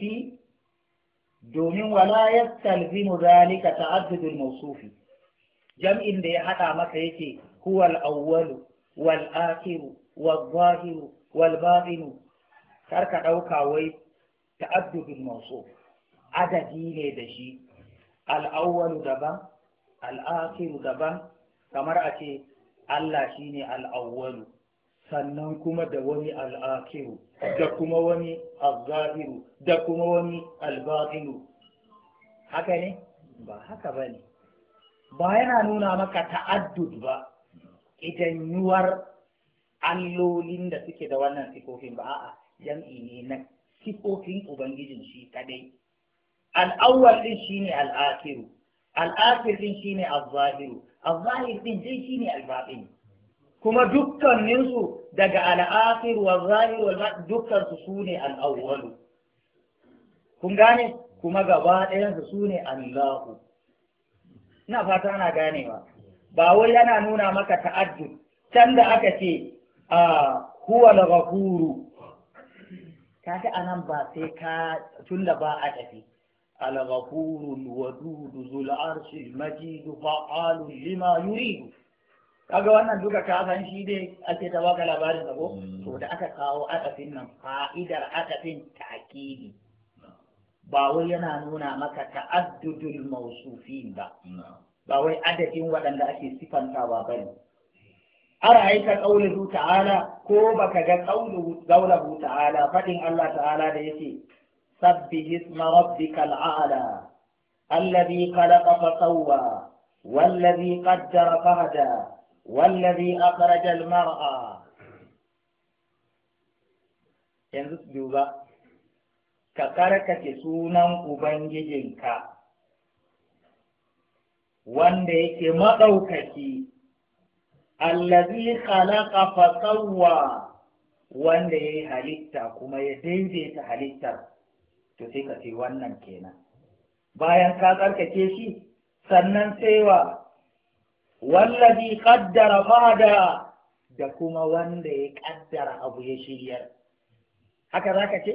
domin wala yastalzimu zalika ta'addudul al jam'in da ya hada maka yake huwal al-awwal wal akhir wal zahir wal batin kar ka dauka wai ta'addudul adadi ne da shi al-awwal daban al'akiru gaban, kamar a ce Allah shi ne al'awwalu sannan kuma da wani al'akiru da kuma wani azzahiru da kuma wani albatilu haka ne ba haka ba ne ba yana nuna maka ta'addud ba idan yuwar allolin da suke da wannan sifofin ba a'a jam'i ne na sifofin ubangijin shi kadai al'awwal shi ne al'akiru al'afir din shine az-zahiru az-zahir din shi ne al-batin kuma dukkaninsu daga al'afir wa zahir wal dukkan su ne al kun gane kuma gaba ɗayan su ne Allahu ina fata ana ganewa ba wai yana nuna maka ta'addu can da aka ce a huwa huru. ta ta anan ba sai ka da ba a tafi الغفور الودود ذو العرش المجيد فعال لما يريد kaga wannan duka ka san shi dai ake ta baka labarin ko mm. to da aka kawo akafin nan fa'idar akafin ta'kidi ba wai yana nuna maka ta'addudul mawsufin ba ba wai adadin waɗanda ake ba bane aika qawluhu ta'ala ko baka ga qawluhu ta'ala fadin Allah ta'ala da yake سبح اسم ربك الأعلى الذي خلق فسوى والذي قدر فهدى والذي أخرج المرأى yanzu su duba ka karkace sunan ubangijinka wanda yake maɗaukaki allazi khalaqa fasawwa wanda ya yi halitta kuma ya daidaita halittar to sai ka ce wannan kenan bayan ka tsarkake shi sannan sai wa wallazi qaddara fahada da kuma wanda ya kaddara abu ya shiryar haka zaka ce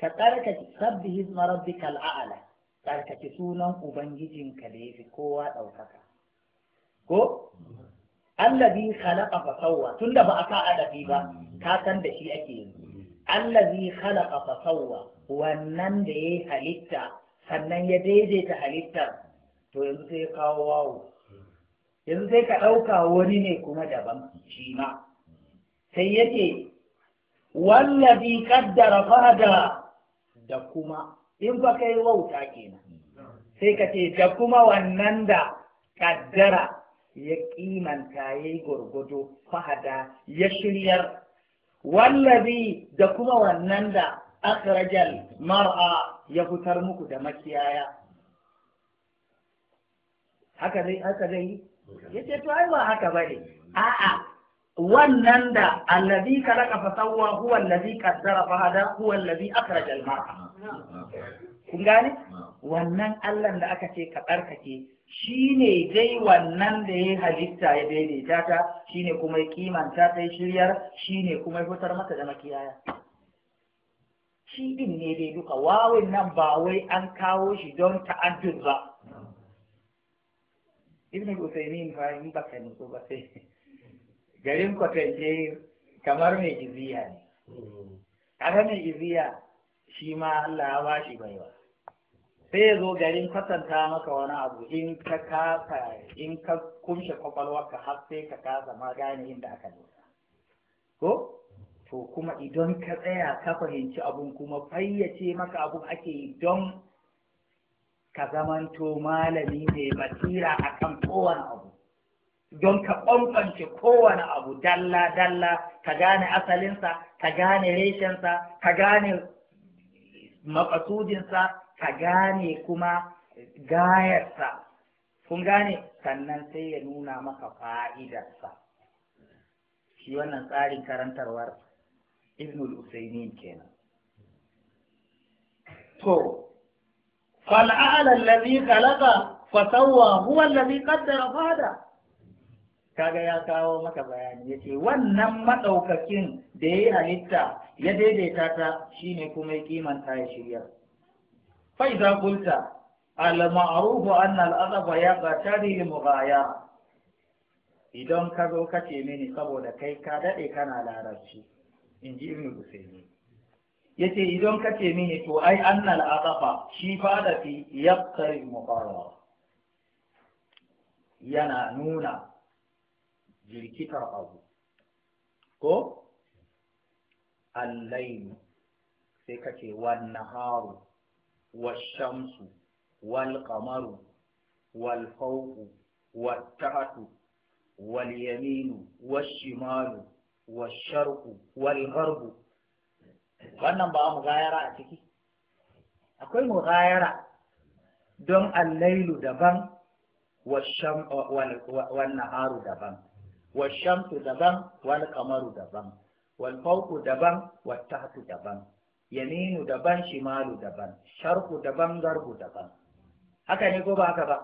ka tsarkake sabbihi isma rabbika al'ala tsarkake sunan ubangijinka da yafi kowa ɗaukaka ko allazi khalaqa fa sawwa tunda ba a sa adabi ba ka san da shi ake yi Allah allazi khalaqa fasawwa wannan da ya halitta sannan ya daidaita halittar to yanzu sai kawo wawo yanzu sai ka ɗauka wani ne kuma daban shi ma sai yake wallazi qaddara fada da kuma in fa kai wauta kenan sai ka ce da kuma wannan da kaddara ya kimanta ya yi gurgudu fahada ya shiryar wallazi da kuma wannan da akrajal mar'a ya fitar muku da makiyaya haka zai haka zai yace to ai ba haka bane a'a wannan da allazi kalaka fa sawwa huwa allazi qaddara fa hada huwa allazi akrajal mar'a ah, kun gane ah. wannan Allah da aka ce ka tsarkake shi ne dai wannan da ya halitta ya daidaita ta shi ne kuma ya kimanta ta shiryar shi ne kuma ya fitar mata da makiyaya shi din ne dai duka wawin nan ba wai an kawo shi don ta'addud ba ibn usaimin fa in baka ni ko ba sai garin kwatance kamar mai iziya ne hmm. kaga mai iziya shi ma Allah ya bashi baiwa sai ya zo garin kwatanta maka wani abu in ka kasa in ka kumshe kwakwalwarka har sai ka kasa ma gane inda aka nuna. ko to kuma idan ka tsaya ka fahimci abun kuma fayyace maka abun ake yi don ka zamanto malami mai basira akan kowane abu don ka ƙwanƙwance kowane abu dalla-dalla ka gane asalinsa ka gane reshensa ka gane makasudinsa a gane kuma gayarsa kun gane sannan sai ya nuna maka fa'idarsa shi wannan tsarin karantarwar ibnul usaini kenan to fal’alar allazi kalaka fasawwa huwa allazi qaddara fada kaga ya kawo maka bayani Ya ce wannan maɗaukakin da ya yayi halitta ya daidaita ta shine kuma ya kimanta ya shirya فإذا قلت المعروف أن الأدب يقتضي المغايرة idan ka zo ka ce mini saboda kai ka daɗe kana larabci in ji ibnu husaini ya ce idan ka ce mini to ai annal azafa shi fada fi yaqtari muqarrar yana nuna jirkitar abu ko allaini sai ka ce wannan haru والشمس والقمر والفوق والتحت واليمين والشمال والشرق والغرب wannan ba mughayara a ciki akwai mughayara don allailu daban wan naharu daban washamsu daban wal qamaru daban wal fawqu daban wat tahtu daban yaminu daban shimalu daban sharku daban garbu daban haka ne ko ba haka ba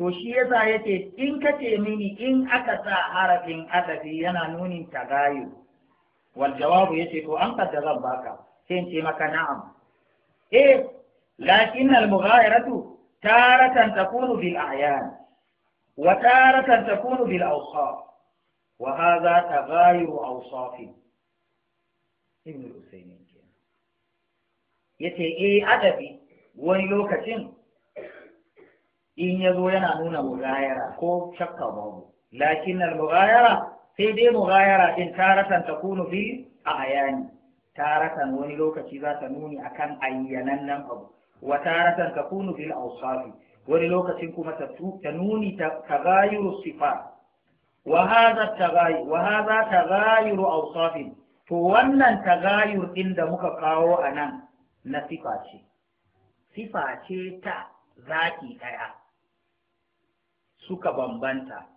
to shi yasa yace in ka ce mini in aka sa harafin adafi yana nunin tagayu wal jawabu yace to an kadda zan baka sai ce maka na'am eh lakin al mughayiratu taratan takunu bil a'yan wa taratan takunu bil awsaf wa hadha tagayuru awsaf ibn al-usaymin ya ce eh adabi wani lokacin in ya zo yana nuna mugayara ko shakka babu lakin al-mugayara sai dai mugayara din taratan takunu fil ayani taratan wani lokaci za ta nuni akan ayyanannen abu wa taratan takunu fil awsafi wani lokacin kuma ta nuni ta tagayyuru sifat wa hadha tagayyur wa hadha tagayyuru awsafin to wannan tagayyur din da muka kawo anan na sifa ce sifa ce ta zaki ɗaya suka bambanta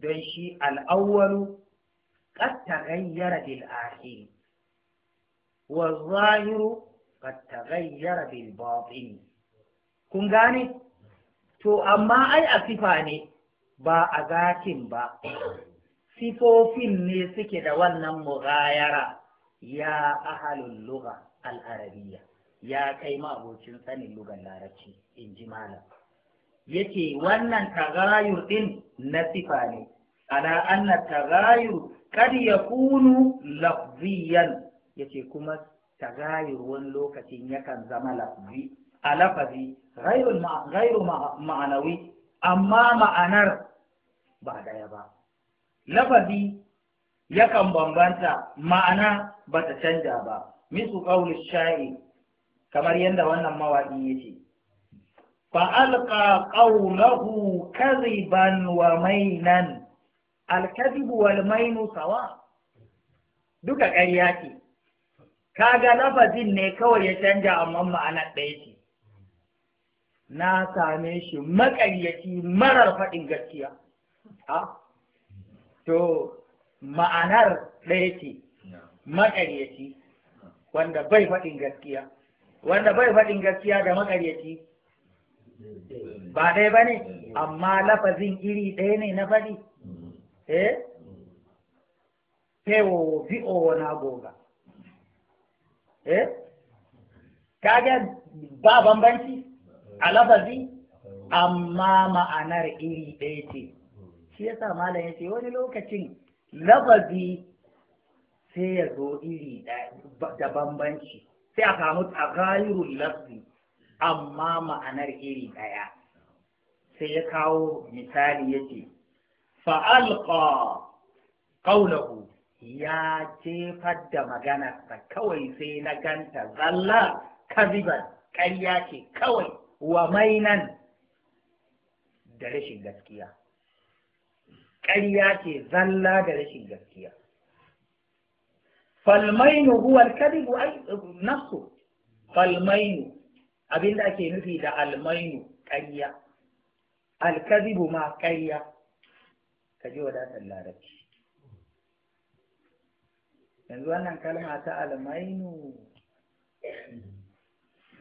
don shi al'awwalu قد wa zahiru والظاهر taghayyara bil بالباطن kun gane to amma ai a sifa ne ba a zakin ba sifofin ne suke da wannan mugayara ya ahalul lugha al-arabiyya ya kai ma abokin sanin lugan larabci in ji malam yace wannan tagayur din na sifa ne ala anna tagayur kad yakunu lafziyan yace kuma tagayur wani lokacin yakan zama lafzi a lafazi gairu ma'anawi amma ma'anar ba daya ba lafazi yakan bambanta ma'ana ba ta canja ba misu ƙaunin sha'i kamar yadda wannan mawaƙi ya ce alƙa ƙaunahu kaziban wa mainan alkazibu wal mainu sawa duka ƙarya ce ga lafazin ne kawai ya canja amma ma'ana ɗaya ce na same shi maƙaryaci marar faɗin gaskiya to ma'anar ɗaya ce maƙaryaci wanda bai faɗin gaskiya wanda bai faɗin gaskiya da makaryaci ba ɗaya ba ne amma lafazin iri ɗaya ne na faɗi eh tewo fi'o na goga eh kaga ba bambanci a lafazi amma ma'anar iri ɗaya ce shi yasa malam ya ce wani lokacin lafazi sai ya zo iri da bambanci sai a samu tagayurul lafzi amma ma'anar iri ɗaya sai ya kawo misali ya ce fa’alƙa ƙaunahu ya jefar da maganarsa kawai sai na ganta zalla kaziban ƙarya ce kawai wa mainan da rashin gaskiya ƙarya ce zalla da rashin gaskiya falmainu huwa alkadibu ai nafsu falmainu abinda ake nufi da almainu ƙarya alkadibu ma ƙarya ka ji wadatar larabci yanzu wannan kalma ta almainu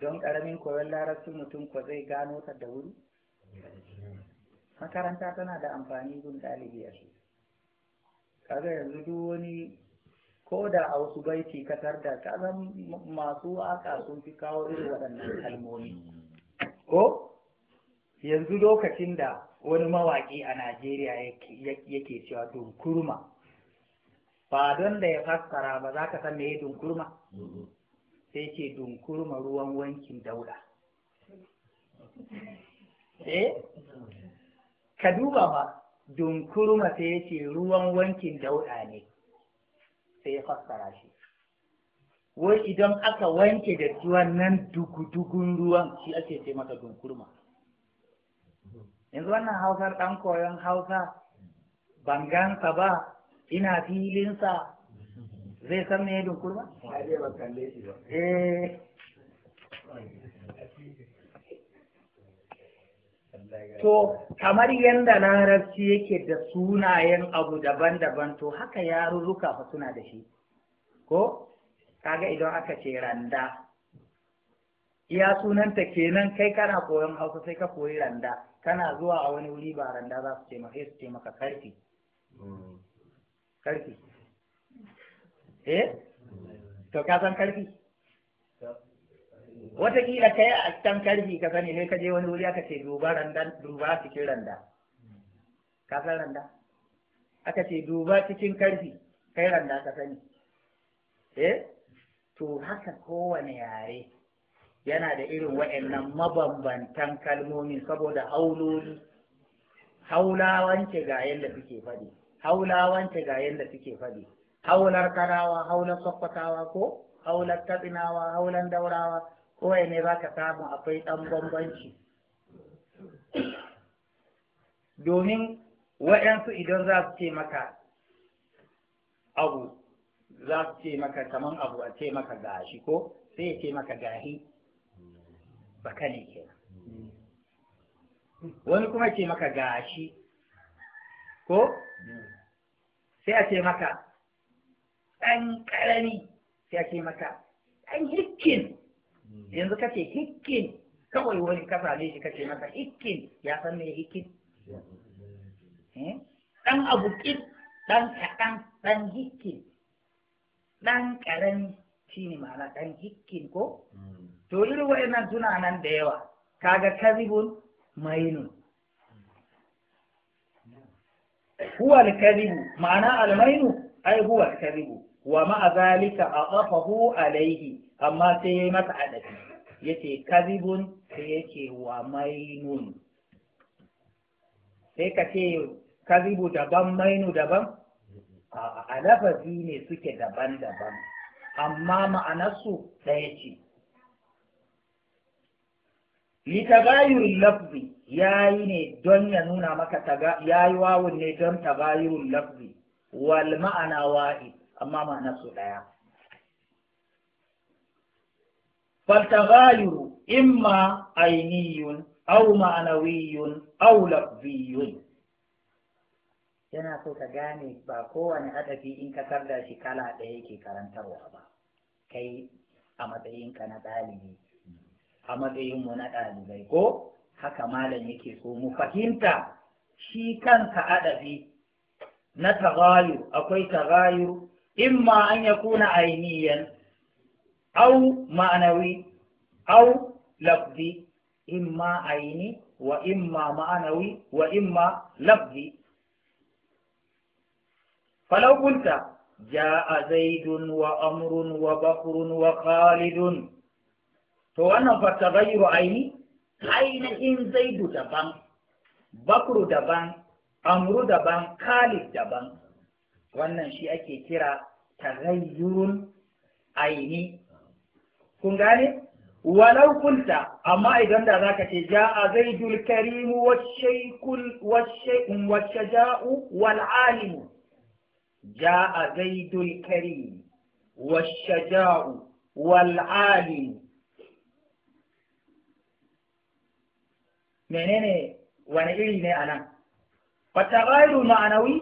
don ƙaramin koyon larabci mutum ko zai gano ta da wuri makaranta tana da amfani gun ɗalibi a shi kaga yanzu duk wani ko da a wasu baiti ka tarda ka masu waka sun fi kawo irin waɗannan kalmomi ko yanzu lokacin da wani mawaƙi a najeriya yake cewa dunkurma ba don da ya fassara ba za ka san meye dunkurma sai ce dunkurma ruwan wankin dauda eh ka duba ba dunkurma sai ce ruwan wankin dauda ne sai ya fassara shi wai idan aka wanke da nan dugudugun ruwan shi ake ce mata dunkurma yanzu wannan hausar ɗan koyon hausa bangansa ba ina filinsa zai san me dunkurma? Eh. To, kamar yadda larabci yake da sunayen abu daban-daban, to haka yarurruka fa suna da shi. Ko, kaga idan aka ce randa, iya sunanta kenan kai kana koyon hausa sai ka koyi randa, kana zuwa a wani wuri ba randa za su ce su taimaka karfi. Mm. Karfi. Eh? To, ka san karfi? wataƙila kai a can karfi ka sani sai ka je wani wuri aka ce duba randa duba cikin randa ka san randa aka ce duba cikin karfi kai randa ka sani eh to haka kowane yare yana da irin wa'annan mabambantan kalmomi saboda hauloli haulawance ga yadda suke faɗi haulawance ga yadda suke faɗi haular karawa haular sakkwatawa ko haular tabinawa haular daurawa kowai ne ba ka samu akwai ɗan bambanci domin waɗansu idan za su ce maka abu za su ce maka kaman abu a ce maka gashi ko sai ya ce maka gahi baka ne ke wani kuma ce maka gashi ko sai a ce maka ɗan ƙarami sai a ce maka ɗan hikkin yanzu kace hikkin kawai wani ka ne shi kace masa hikkin ya san me hikkin eh? dan abu kin dan kaɗan dan hikkin dan ƙarami ne ma'ana dan hikkin ko hmm. to irin wa'annan suna nan da yawa kaga karibun, mainu. huwa al ma'ana al-mainu ai huwa al-kadhibu wa ma'a zalika adafahu alayhi amma sai ya yi masa adabi ya ce kazibun sai ya ce wa mainun sai ka ce kazibu daban mainu daban a lafazi ne suke daban-daban amma ma'anarsu ɗaya ce litagayurul lafzi yayi ne don ya nuna maka yayi wawun ne don tagayurul lafzi wal ma'ana wa'i amma ma'ana su فالتغاير إما عيني أو معنوي أو لفظي yana so ka gane ba kowane adafi in ka karda shi kala ɗaya yake karantarwa ba kai a matsayinka na ɗalibi a matsayinmu na ɗalibai ko haka malam yake so mu fahimta shi kanka adafi na tagayu akwai tagayu imma an ya kuna ainiyan au ma'anawi au lafzi imma aini wa imma ma'anawi wa imma lafzi falau kunta ja'a zaidun wa amrun wa bakrun wa khalidun to wannan fa tagayyuru aini ainihin zaidu daban bakru daban amru daban khalid daban wannan shi ake kira tagayyurun aini kun gane walau kunta amma idan da zaka ce ja'a zaidul karim wa shaykul wa shay'un wa shaja'u wal alim ja'a zaidul karim wa shaja'u wal alim menene wani iri ne anan fatagairu ma'anawi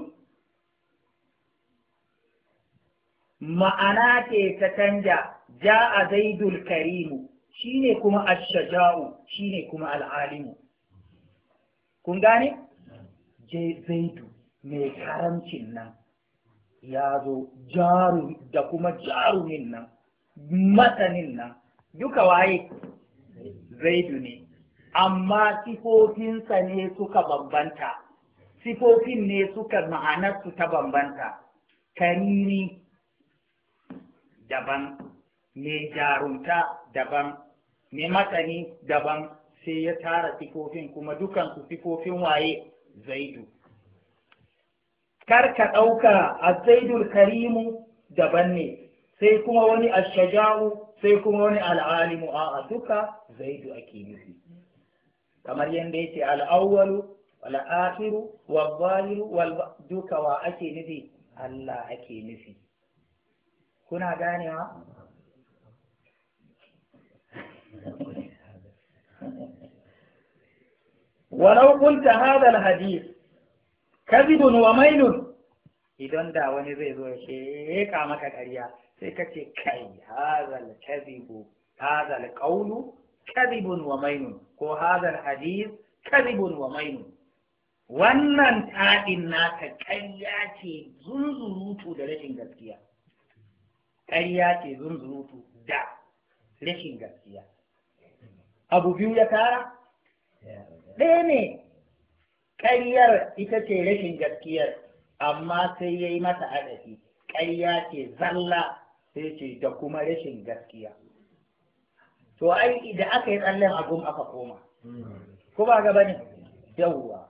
ma'ana ke ta canja ja'a zaidul karimu shine kuma ashaja'u shine kuma al'alimu kun gane je zaidu mai karamcin nan ya zo jaru da kuma jarumin nan masanin nan duka waye zaidu ne amma sifofinsa ne suka bambanta sifofin ne suka ma'anar su ta bambanta karimi daban mai jarunta daban mai matsani daban sai ya tara sifofin kuma su sifofin waye zaidu kar ka ɗauka a zaidul karimu daban ne sai kuma wani ashaja'u sai kuma wani al'alimu a duka zaidu ake nufi kamar yadda yake al'awwalu al’afiru, wabbaliru, duka wa ake nufi Allah ake nufi kuna ganewa walau kunta hadal hadith kadibun wa idan da wani zai zo ya sheka maka ƙarya sai ka ce kai hazal Kazibu hazal qawlu Kazibun wa mailun ko hazal Hadis Kazibun wa mailun wannan taɗin naka ƙarya ce zunzurutu da rashin gaskiya ƙarya ce zunzurutu da rashin gaskiya abu biyu ya tara ɗaya ne ƙaryar ita ce rashin gaskiyar amma sai ya yi mata adafi ƙarya ce zalla sai ce da kuma rashin gaskiya to ai da aka yi tsallen agun aka koma Ku ba gaba ne yawwa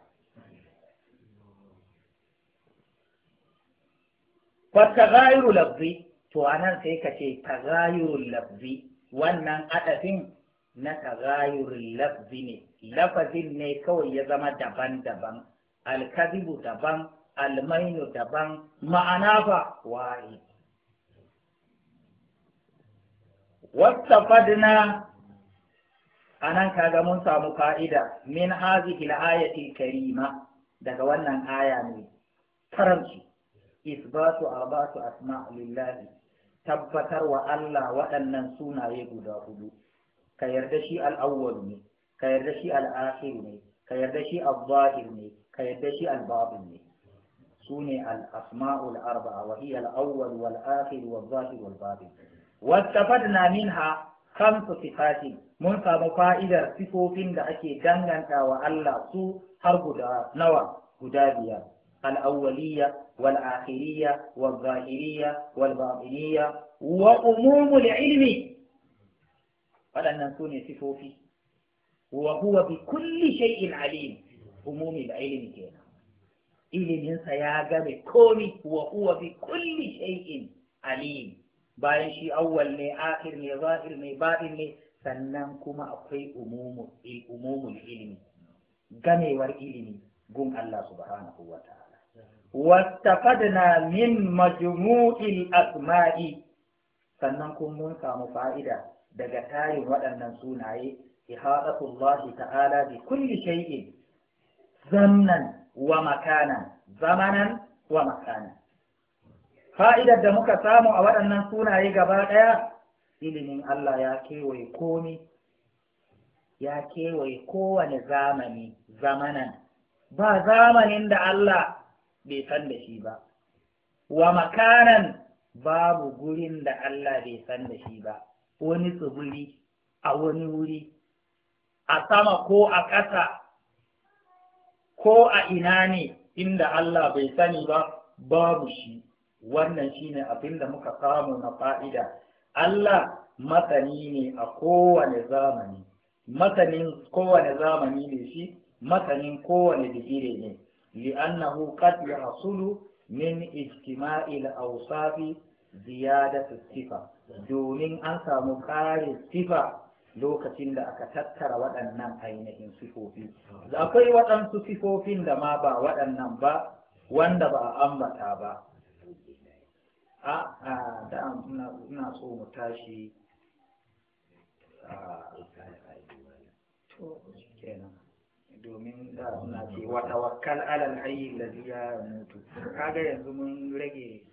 fataghayiru labbi, to anan sai ka ce tagayirul labbi, wannan adafin na tagayurin lafzi ne lafazin ne kawai ya zama daban-daban alkazibu daban almainu daban ma'ana ba wari wastafadna a nan kaga mun samu fa'ida min hazihi ayati karima daga wannan aya ne karamci isbatu arbatu asma lillahi tabbatar wa Allah waɗannan sunaye guda hudu ka yarda shi al'awwal ne ka yarda shi al'akhir ne ka yarda shi al ne ka yarda shi al ne sune al-asma'ul arba'a wa hiya al-awwal wal akhir wal zahir wal batin wastafadna minha khamsu sifatin mun samu fa'idar sifofin da ake danganta wa Allah su har guda nawa guda biyar الأولية والآخرية والظاهرية والباطنية وأموم العلم waɗannan su ne sifofi wa huwa bi kulli shay'in alim umumi da ilimi kenan iliminsa ya game komi wa huwa bi kulli shay'in alim bayan shi awwal ne akhir ne zahir ne baɗin ne sannan kuma akwai umumul ilimi gamewar ilimi gun Allah subhanahu wa ta'ala wastafadna min majmu'il asma'i sannan kun mun samu fa'ida daga tarin waɗannan sunaye ihatatullahi ta'ala bi kulli shay'in zamnan wa makanan zamanan wa makanan fa'idar da muka samu a waɗannan sunaye gaba ɗaya ilimin Allah ya kewaye komi ya kewaye kowane zamani zamanan ba zamanin da Allah bai san da shi ba wa makanan babu gurin da Allah bai san da shi ba wani tsibiri a wani wuri a sama ko a ƙasa ko a ina ne inda Allah bai sani ba babu shi wannan shine abin da muka samu na fa'ida Allah masani ne a kowane zamani masanin kowane zamani ne shi masanin kowane digiri ne li'annahu qad yahsulu min ijtima'il awsafi ziyadatu sifa domin an samu ƙarin sifa lokacin da aka tattara waɗannan ainihin sifofi akwai waɗansu sifofin da ma ba waɗannan ba wanda ba a ambata ba a da ina so mu tashi domin da suna ce wata wakal alal hayyi laziya mutu kaga yanzu mun rage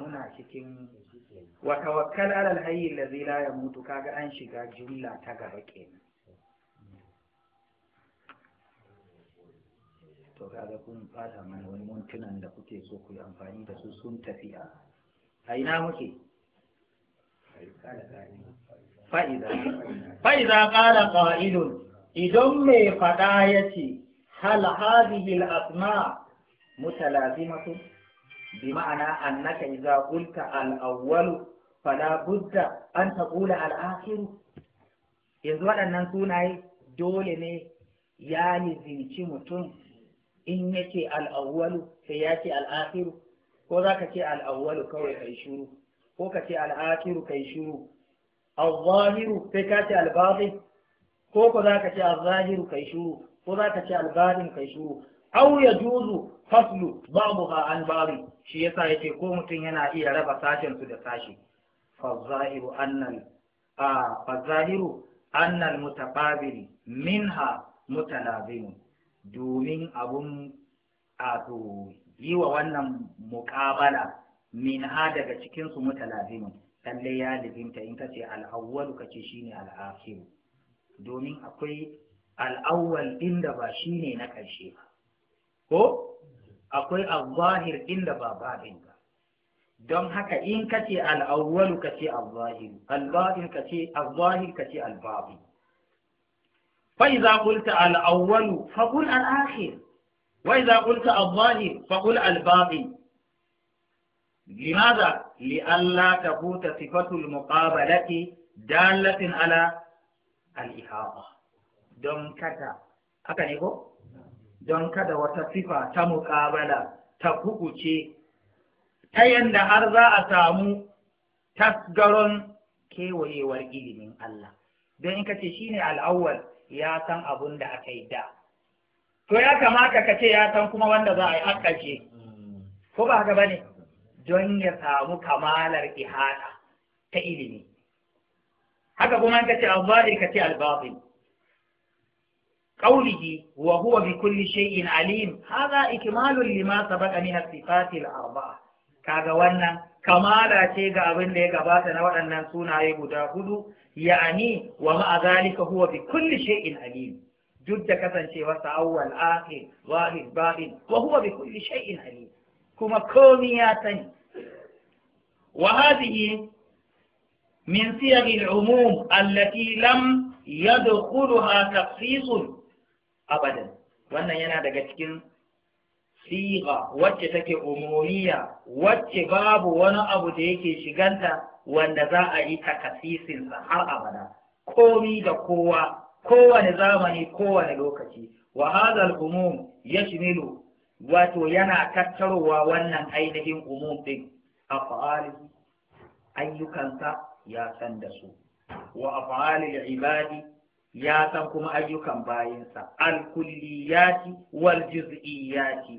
muna cikin wata tawakkal ala alhayy alladhi la mutu kaga an shiga jumla ta gaba kenan to kaga kun fata mana wani muntunan da kuke so ku yi amfani da su sun tafi a ina muke fa'iza fa'iza qa'ilun idan mai fada ce hal hadhihi al-asma mutalazimatu bi ma'ana annaka idza qulta al-awwal fala budda an taqula al-akhir yanzu waɗannan sunaye dole ne ya lizinci mutum in yake al-awwal sai yake ce al-akhir ko za ka ce al-awwal kawai kai shuru ko ka ce al-akhir kai shuru al-zahiru sai ka ce al-batin ko ko za ka ce al kai shuru ko za ka ce al-batin kai shuru aw yajuzu faslu ba'daha an bari, shi yasa yace ko mutum yana iya raba sashen su da sashi fa zahiru annal a fa zahiru annal mutaqabili minha mutalazim domin abun a to yi wa wannan muqabala minha daga cikin su mutalazimin lalle ya libinta in kace al-awwal kace shine al-akhir domin akwai al-awwal inda ba shine na karshe ba ko akwai al-zahir din da ba babin ba don haka in kace al'awwalu awwalu kace al-zahir al-zahir kace al-zahir kace al kulta al'awwalu idza qulta al za fa qul al-akhir wa al-zahir fa qul al-babin لماذا؟ لئلا تفوت صفة المقابلة دالة على الإحاطة don kada wata sifa ta muƙabala ta kukuce ta yadda har za a samu tasgaron kewayewar ilimin Allah don in ka ce shine al'awwal ya san abun da aka yi da to ya kamata ka ce ya san kuma wanda za a yi haƙƙace ko ba haka bane don ya samu kamalar ihada ta ilimi haka kuma in ka ce al ka ce al قوله وهو بكل شيء عليم هذا إكمال لما سبق من الصفات الأربعة كذا وأن كمالا تيجا شيء قابل لك وأن نوال أن ننسون يعني ومع ذلك هو بكل شيء عليم جد كثن شيء أول آخر ظاهر باهر وهو بكل شيء عليم كما كوميات وهذه من صيغ العموم التي لم يدخلها تخصيص abadan wannan yana daga cikin siga wacce take umuriya wacce babu wani abu da yake shiganta wanda za a yi takasisinsa har abada komi da kowa kowane zamani kowane lokaci wa hadal umum yashmilu wato yana tattarowa wannan ainihin umum din af'ali ayyukansa ya san da su wa af'ali ibadi ya san kuma ayyukan bayinsa alkulliyati wal juz'iyati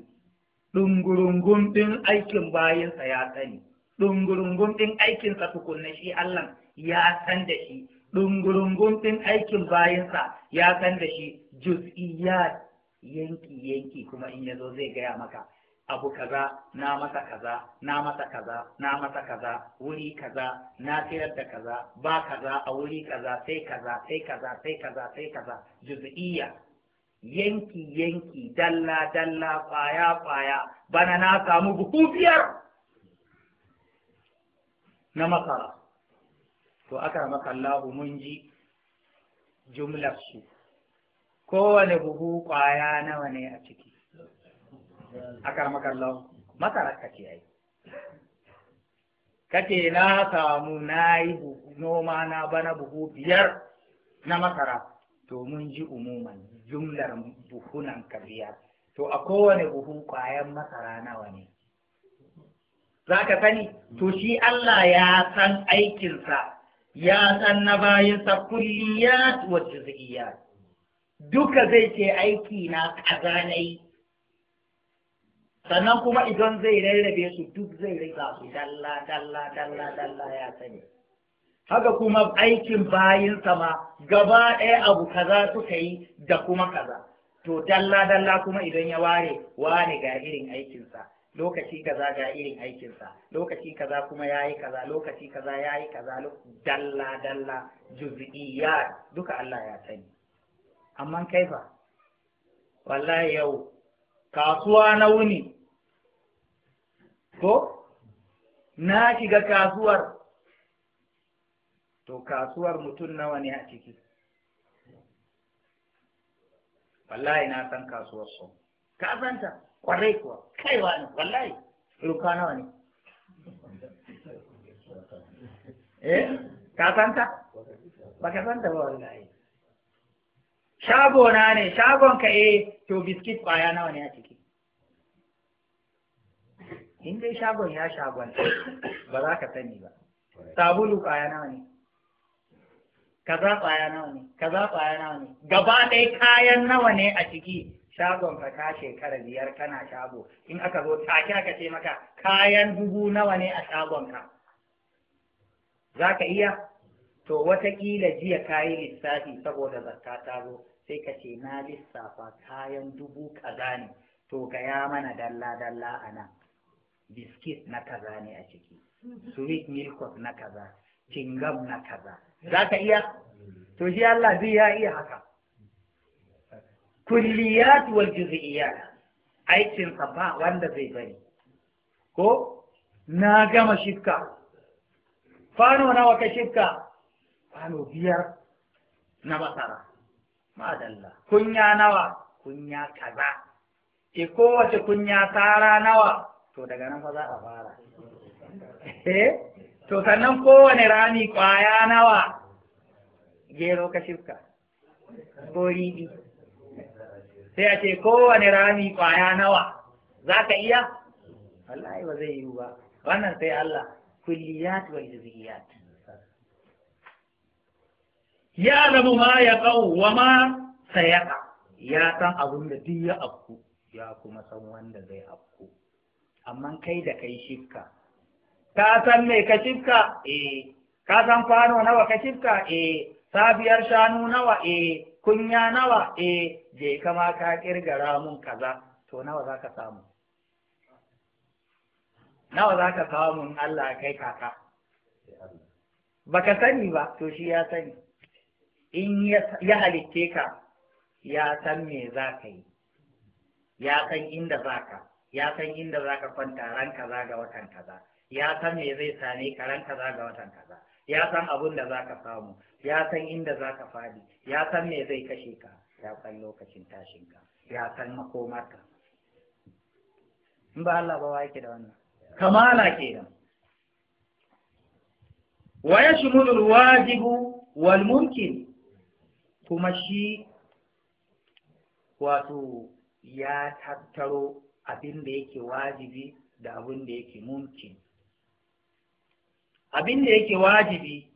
dungurungun din aikin bayinsa ya sani dungurungun din sa, tukunna shi Allah ya san da shi dungurungun din aikin bayinsa ya san da shi juz'iyat yanki yanki kuma in yazo zai gaya maka abu kaza na masa kaza na masa kaza na masa kaza wuri kaza na tirar da kaza ba kaza a wuri kaza sai kaza sai kaza sai kaza sai kaza juz'iyya yanki yanki dalla dalla kwaya kwaya bana na samu buhu biyar na makara to aka maka Allahu mun ji jumlar su kowane buhu kwaya nawa ne a ciki A makallahu kallon ka kake ai Kake na samu na yi noma na bana buhu biyar na masara to mun ji umuman jumlar buhunan ka to a kowane buhu kwayan masara nawa ne za ka sani to shi Allah ya san aikinsa ya san na bayansa kulliyat wa iya. duka zai ce aiki na kaza na sannan kuma idan zai rarrabe su duk zai riga su dalla dalla dalla dalla ya sani haka kuma aikin bayin sama gaba ɗaya abu kaza suka yi da kuma kaza to dalla dalla kuma idan ya ware wane ga irin aikinsa lokaci kaza ga irin aikinsa lokaci kaza kuma ya yi kaza lokaci kaza ya yi kaza dalla dalla juz'iyya duka Allah ya sani amma kaifa wallahi yau kasuwa na wuni ko na shiga kasuwar to kasuwar mutum nawa ne a ciki wallahi na san kasuwar su ka santa kwarai kuwa wa ne wallahi ruka nawa ne eh ka santa ba ka santa ba wallahi shago na ne shagon ka eh to biskit kwaya nawa ne a ciki in dai shagon ya shagon ba za ka sani ba sabulu kwaya nawa ne kaza kwaya nawa ne kaza kwaya nawa ne gaba ɗaya kayan nawa ne a ciki shagon ka ka shekara biyar kana shago in aka zo take aka ce maka kayan dubu nawa ne a shagon ka za ka iya to wataƙila jiya kayi lissafi saboda zakka ta zo sai ka ce na lissafa kayan dubu kaza ne to ya mana dalla dalla a nan biskit na kaza ne a ciki sweet milk na kaza cingam na kaza za ka iya to shi Allah zai ya iya haka kulliyat wal juz'iyat aikin sa ba wanda zai bari ko na gama shifka fano nawa ka shifka fano biyar na masara madalla kunya nawa kunya kaza ke kowace kunya tsara nawa to daga nan fa za a fara eh to sannan kowane rami kwaya nawa gero ka shifka ko riɗi sai a ce kowane rami kwaya nawa za ka iya wallahi ba zai yiwu ba wannan sai Allah kulliyat wal juziyat ya zama ma ya qau wa ma sayaka ya san abin da duk ya afku ya kuma san wanda zai afku amma kai da kai shifka ka san me ka shifka eh ka san fano nawa ka shifka eh sabiyar shanu nawa eh kunya nawa eh je kama ka kirgara mun kaza to nawa za ka samu nawa za ka samu in Allah kai kaka baka sani ba to shi ya sani in ya halitte ka ya san me za ka yi ya san inda za ka ya san inda za ka kwanta ran kaza ga watan kaza ya san me zai same ka ran kaza ga watan kaza ya san abun da za ka samu ya san inda za ka faɗi ya san me zai kashe ka ya san lokacin tashin ka ya san makomarka in ba Allah ba ke da wannan kamala kenan wa yashmulu alwajibu wal mumkin kuma shi wato ya tattaro abin da yake wajibi da abin da yake mumkin abin da yake wajibi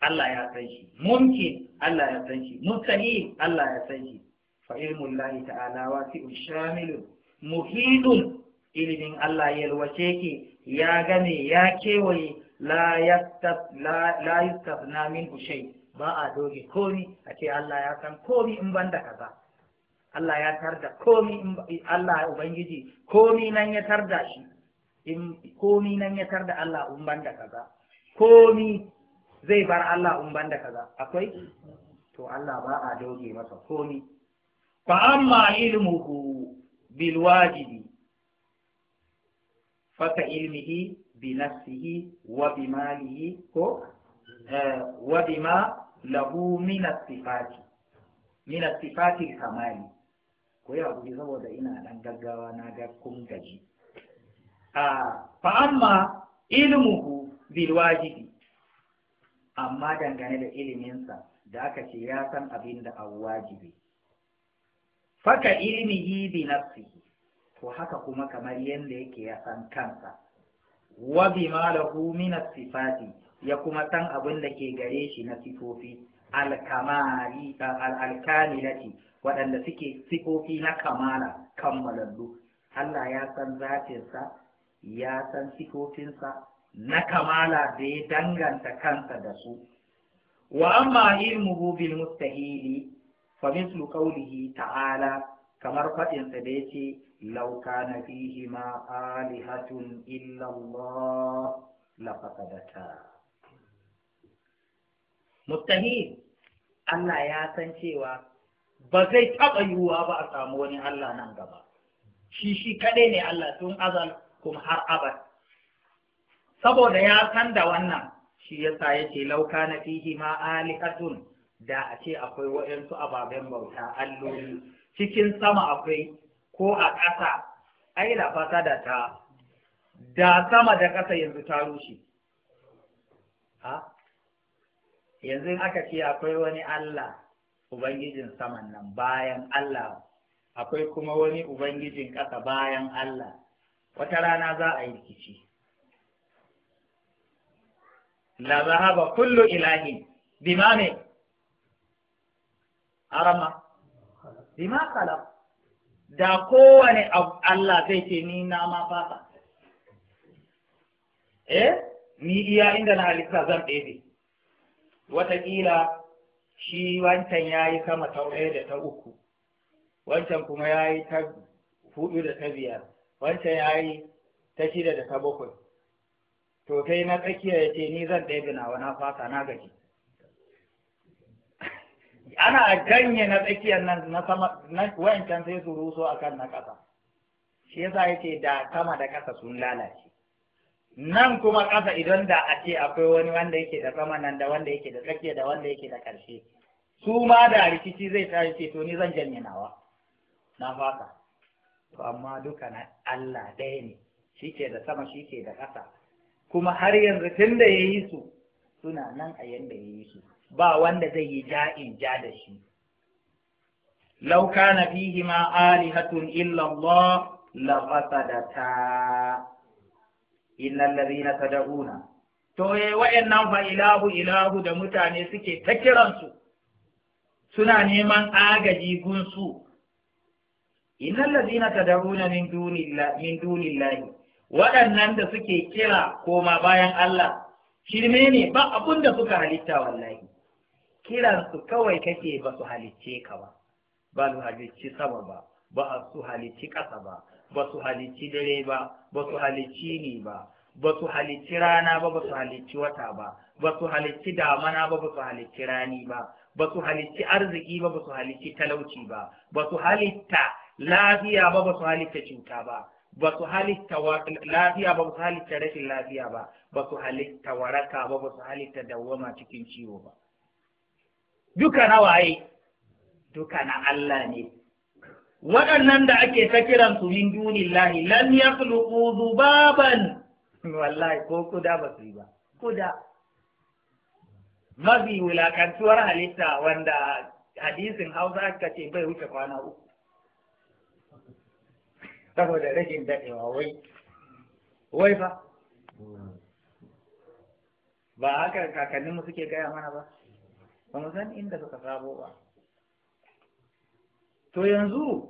Allah ya san shi mumkin Allah ya san shi mutani Allah ya san shi fa ilmun lahi ta'ala wasi'un shamilun muhidun ilimin Allah ya ruwace ki ya game ya kewaye la yastafna min shay ba a doge kori a ce Allah ya san kori in banda kaza Allah ya tarda komi Allah ubangiji komi nan ya tarda shi in komi nan ya tarda Allah in banda kaza komi zai bar Allah in banda kaza akwai to Allah ba a doge masa komi fa amma ilmuhu bil wajibi faka ilmihi bi nafsihi wa bi malihi ko eh, wa bima lahu min as-sifati min as-sifati kamali ku yi haƙuri saboda ina ɗan gaggawa na ga kun gaji fa'amma amma ilmuhu bil wajibi amma dangane da iliminsa da aka ce ya san abin da abu wajibi faka ilmihi bi nafsi, to haka kuma kamar yadda yake ya san kansa wa bi malahu sifati ya kuma san abin da ke gare shi na sifofi alkamari alkamilati waɗanda suke sifofi na kamala kammalallu Allah ya san zatinsa ya san sifofinsa na kamala da ya danganta kansa da su wa amma ilmuhu bil mustahili fa mislu ta'ala kamar faɗinsa da yace law kana fihi ma alihatun illa Allah la fasadata mustahil Allah ya san cewa ba zai taɓa yiwuwa ba a samu wani Allah nan gaba shi shi kaɗai ne Allah tun azal kuma har abad saboda ya san da wannan shi ya yasa ce lauka na fihi ma alihatun da a ce akwai wayansu ababen bauta alloli cikin sama akwai ko a ƙasa ai da fata da ta da sama da ƙasa yanzu ta rushe ha yanzu aka ce akwai wani Allah ubangijin saman nan bayan Allah akwai kuma wani ubangijin ƙasa bayan Allah wata rana za a yi rikici la zahaba kullu ilahi bima ne arama bima kala da kowane Allah zai ce ni na ma fasa eh ni iya inda na halitta zan ɗebe watakila. shi wancan ya yi sama ta ɗaya da ta uku wancan kuma ya yi ta hudu da ta biyar wancan ya yi ta shida da ta bakwai to sai na tsakiya ya ce ni zan ɗaya nawa na fasa na gaji ana ganye na tsakiyar nan na sama na wancan sai su ruso akan na ƙasa shi yasa yake da sama da ƙasa sun lalace nan kuma ƙasa idan da a ce akwai wani wanda yake da sama nan da wanda yake da tsakiya da wanda yake da ƙarshe su ma da rikici zai tashi ce to ni zan janye nawa na fata to amma duka na Allah ɗaya ne shike da sama shike da ƙasa kuma har yanzu tun da ya yi su suna nan a yanda ya yi su ba wanda zai yi ja'in ja da shi lauka kana fihi Ali alihatun illallah Allah inna ladina tad'una to eh wa'annan fa ilahu ilahu da mutane suke ta kiransu suna neman agaji gunsu inna ladina tad'una min dunillahi min dunillahi waɗannan da suke kira koma bayan Allah shirme ne ba abun da suka halitta wallahi kiransu kawai kake ba su halicce ka ba ba su halicci sama ba ba su halicci ƙasa ba ba su halici dare ba ba su halici ni ba ba su halici rana ba ba su halici wata ba ba su halici damana ba ba su halici rani ba ba su halici arziki ba ba su halici talauci ba ba su halitta lafiya ba ba su halitta cuta ba ba su halitta lafiya ba ba su halitta rashin lafiya ba ba su halitta waraka ba ba su halitta dawwama cikin ciwo ba duka waye duka na Allah ne waɗannan da ake ta kiran su min dunillahi lam yakhluqu dhubaban wallahi ko kuda ba su yi ba kuda mafi wulakantuwar halitta wanda hadisin hausa aka ce bai wuce kwana uku saboda rashin daɗewa wai wai fa ba haka kakanninmu suke gaya mana ba ba mu san inda suka sabo ba to yanzu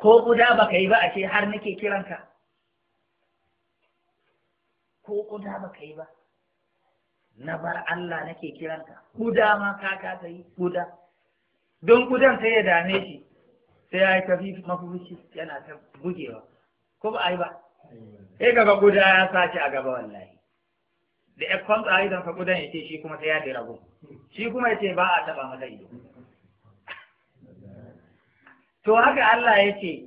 ko guda baka yi ba a ce har nake kiranka ko guda baka yi ba na bar Allah nake kiranka guda ma ka kasa yi guda don gudan sai ya dame shi sai ya yi tafi mafushi yana ta gujewa ko ba a yi ba sai kaga guda ya sace a gaba wallahi da ya kwanta a idan ka gudan ya ce shi kuma sai ya dira gun shi kuma ya ce ba a taba masa ido to haka Allah ya ce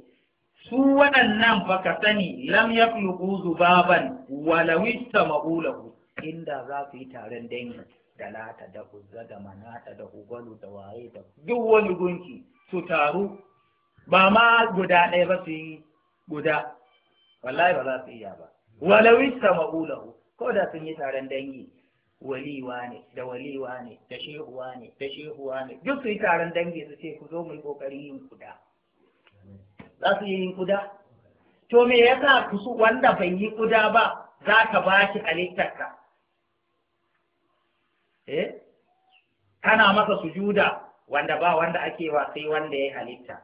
su waɗannan ba ka sani lam yakhluqu zubaban walawista ma'ulahu. inda za su yi taron dangi da lata da kuzza da manata da ubalu da waye da duk wani gunki su taru ba ma guda ɗaya ba su yi guda wallahi ba za su iya ba Walawista ma'ulahu. ko da sun yi taron dangi waliwa ne da waliwa ne da shehuwa ne da shehuwa ne duk su yi taron dangi su ce ku zo mu yi ƙoƙarin yin guda. za su yi kuda to me sa kusu wanda bai yi kuda ba za ka ba shi halittarka eh kana masa sujuda wanda ba wanda ake wa sai wanda ya halitta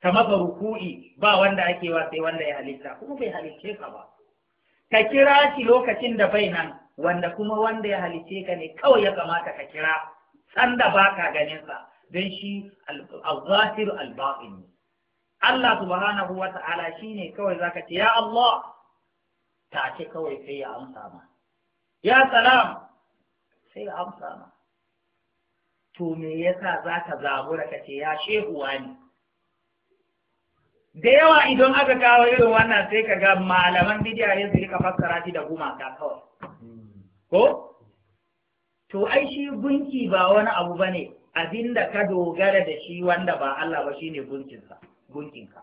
ka masa ruku'i ba wanda ake wa sai wanda ya halitta kuma bai halicce ka ba ka kira shi lokacin da bai nan wanda kuma wanda ya halicce ka ne kawai ya kamata ka kira sanda ba ka ganin sa don shi al-zahir al-batin Allah subhanahu wa ta'ala ne kawai ka ce ya Allah ta ce kawai sai ya amsa ma ya salam sai ya amsa ma to me yasa ka zabura ka ce ya shehu ne. da yawa idan aka kawo irin wannan sai ka ga malaman bidiyar ne su rika fassara shi da gumaka kawai ko to ai shi gunki ba wani abu bane abinda ka dogara da shi wanda ba Allah ba shine gunkinsa. gunkinka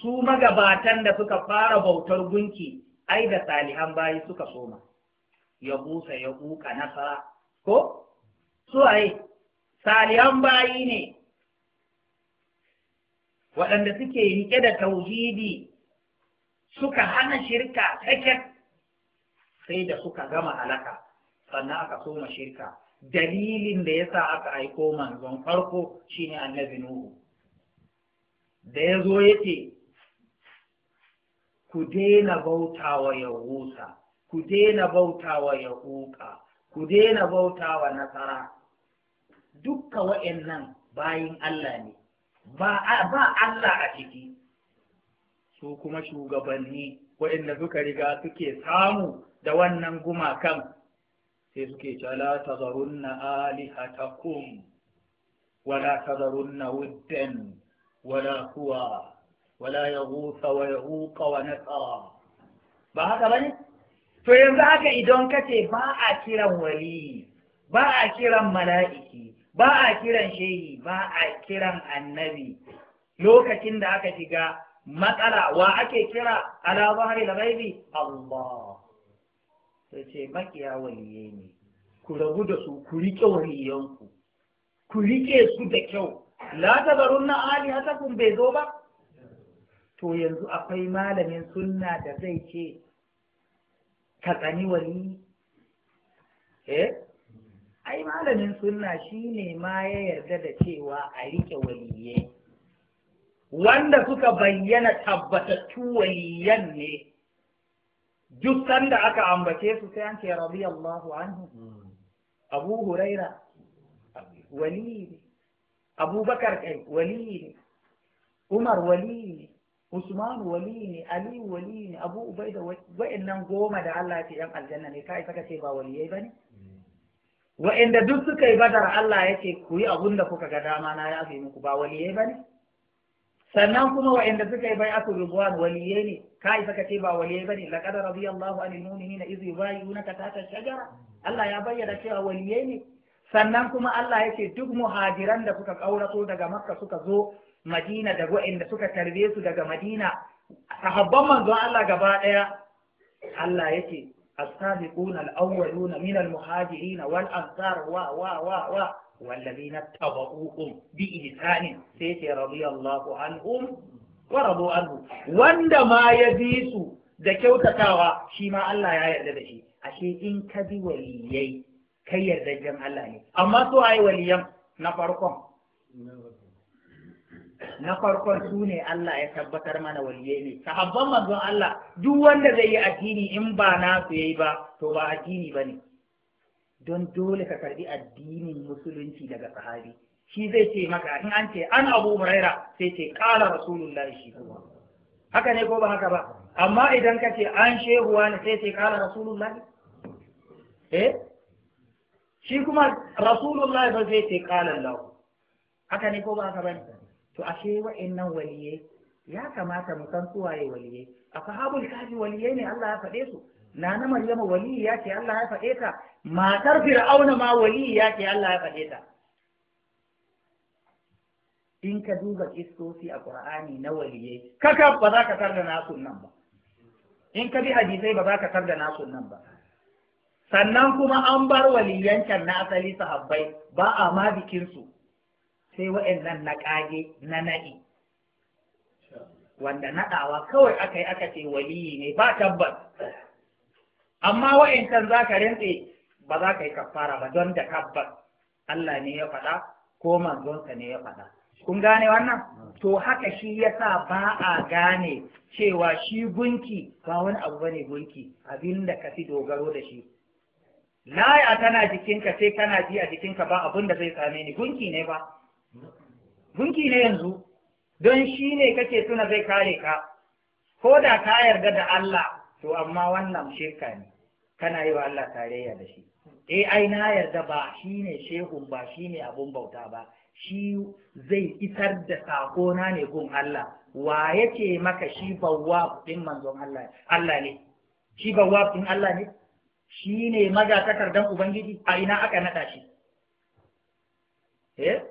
su magabatan da suka fara bautar gunki ai da salihan bayi suka soma ya busa ya na nasara ko su aye salihan bayi ne waɗanda suke rike da tauhidi suka hana shirka taket sai da suka gama halaka sannan aka soma shirka dalilin da yasa aka aiko manzon farko shine annabi nuhu da ya zo ya ce ku daina bautawa yahusa ku daina bautawa yahuka ku daina bautawa nasara dukka nan bayin Allah ne ba Allah a ciki su kuma shugabanni da suka riga suke samu da wannan gumakan sai suke cala zarunna alihatakum wala ta zarunna wuddan wala huwa wala yaghutha wa yaghuq wa nasara ba haka bane to yanzu haka idan ce ba a kiran wali ba a kiran mala'iki ba a kiran shehi ba a kiran annabi lokacin da aka shiga matsala wa ake kira ala bahari da gaibi Allah sai ce makiya waliye ne ku rabu da su ku riƙe waliyanku ku riƙe su da kyau la hata kun bai zo ba to yanzu akwai malamin sunna da zai ce ka tsani wani. eh ai malamin sunna shine ma ya yarda da cewa a rike waliye wanda suka bayyana tabbatattu waliyan ne duk sanda aka ambace su sai an ce radiyallahu anhu hmm. abu huraira wali abubakar kai waliyi ne umar waliyi ne usman waliyi ne ali waliyi ne abu wa'in wa'annan goma da Allah ya ce yan aljanna ne kai saka ce ba waliyai Wa'in wa'anda duk suka yi badar Allah ya ce ku yi abun da kuka ga dama na ya fi muku ba waliyai ne? sannan kuma wa'anda suka yi bai bai'atu ridwan waliyai ne kai saka ce ba waliyai bane laqad radiyallahu anil mu'minina iz yubayyunaka tahta shajara Allah ya bayyana cewa waliyai ne sannan kuma Allah ya ce duk muhajiran da suka ƙaurato daga makka suka zo madina da waɗanda suka tarbe su daga madina sahabban manzon Allah gaba ɗaya Allah ya ce السابقون الأولون من المهاجرين والأنصار و و و و والذين اتبعوهم بإحسان سيتي رضي الله عنهم ورضوا عنه وندما يزيسوا da kyautatawa shi ma Allah ya yarda da shi ashe in ka bi waliyai kai yardajen Allah ne amma su yi waliyan na farkon na farkon su ne Allah ya tabbatar mana waliyai ne sahabban manzon Allah duk wanda zai yi addini in ba na su yayi ba to ba addini ba ne don dole ka karbi addinin musulunci daga sahabi shi zai ce maka in an ce an abu huraira sai ce kala rasulullahi shi haka ne ko ba haka ba amma idan ka ce an shehuwa ne sai ce kala rasulullahi eh shi kuma rasulullahi ba zai ce kalan Allah haka ne ko ba haka bane to ashe wa'annan waliye ya kamata mu san suwaye waliye ashabul kaji waliye ne Allah ya faɗe su nana maryama waliye ya ce Allah ya faɗe ta matar fir'auna ma waliye ya ce Allah ya faɗe ta in ka duba kistoci a qur'ani na waliye kaka ba za ka tarda nasu nan ba in ka bi hadisai ba za ka tarda nasu nan ba sannan kuma an bar waliyancan na asali sahabbai ba a ma bikinsu sai wa'annan na ƙage na naɗi wanda naɗawa kawai aka yi aka ce waliyi ne ba tabbas amma wa'incan za ka rintse ba za ka yi kafara ba don da tabbas Allah ne ya faɗa ko manzonsa ne ya faɗa kun gane wannan to haka shi yasa ba a gane cewa shi gunki ba wani abu bane gunki abinda ka fi dogaro da shi laya tana jikinka sai kana ji a jikinka ba abin da zai same ni gunki ne ba gunki ne yanzu don shi ne kake tuna zai kare ka ko da ka yarda da Allah to amma wannan shirka ne kana yi wa Allah tarayya da shi eh ai na yarda ba shi ne shehun ba shi ne abun bauta ba shi zai isar da sakona ne gun Allah wa yake maka shi bawwab din manzon Allah Allah ne shi bawwab din Allah ne shi ne maza magatakardan Ubangiji a ina aka naɗa shi. Eh?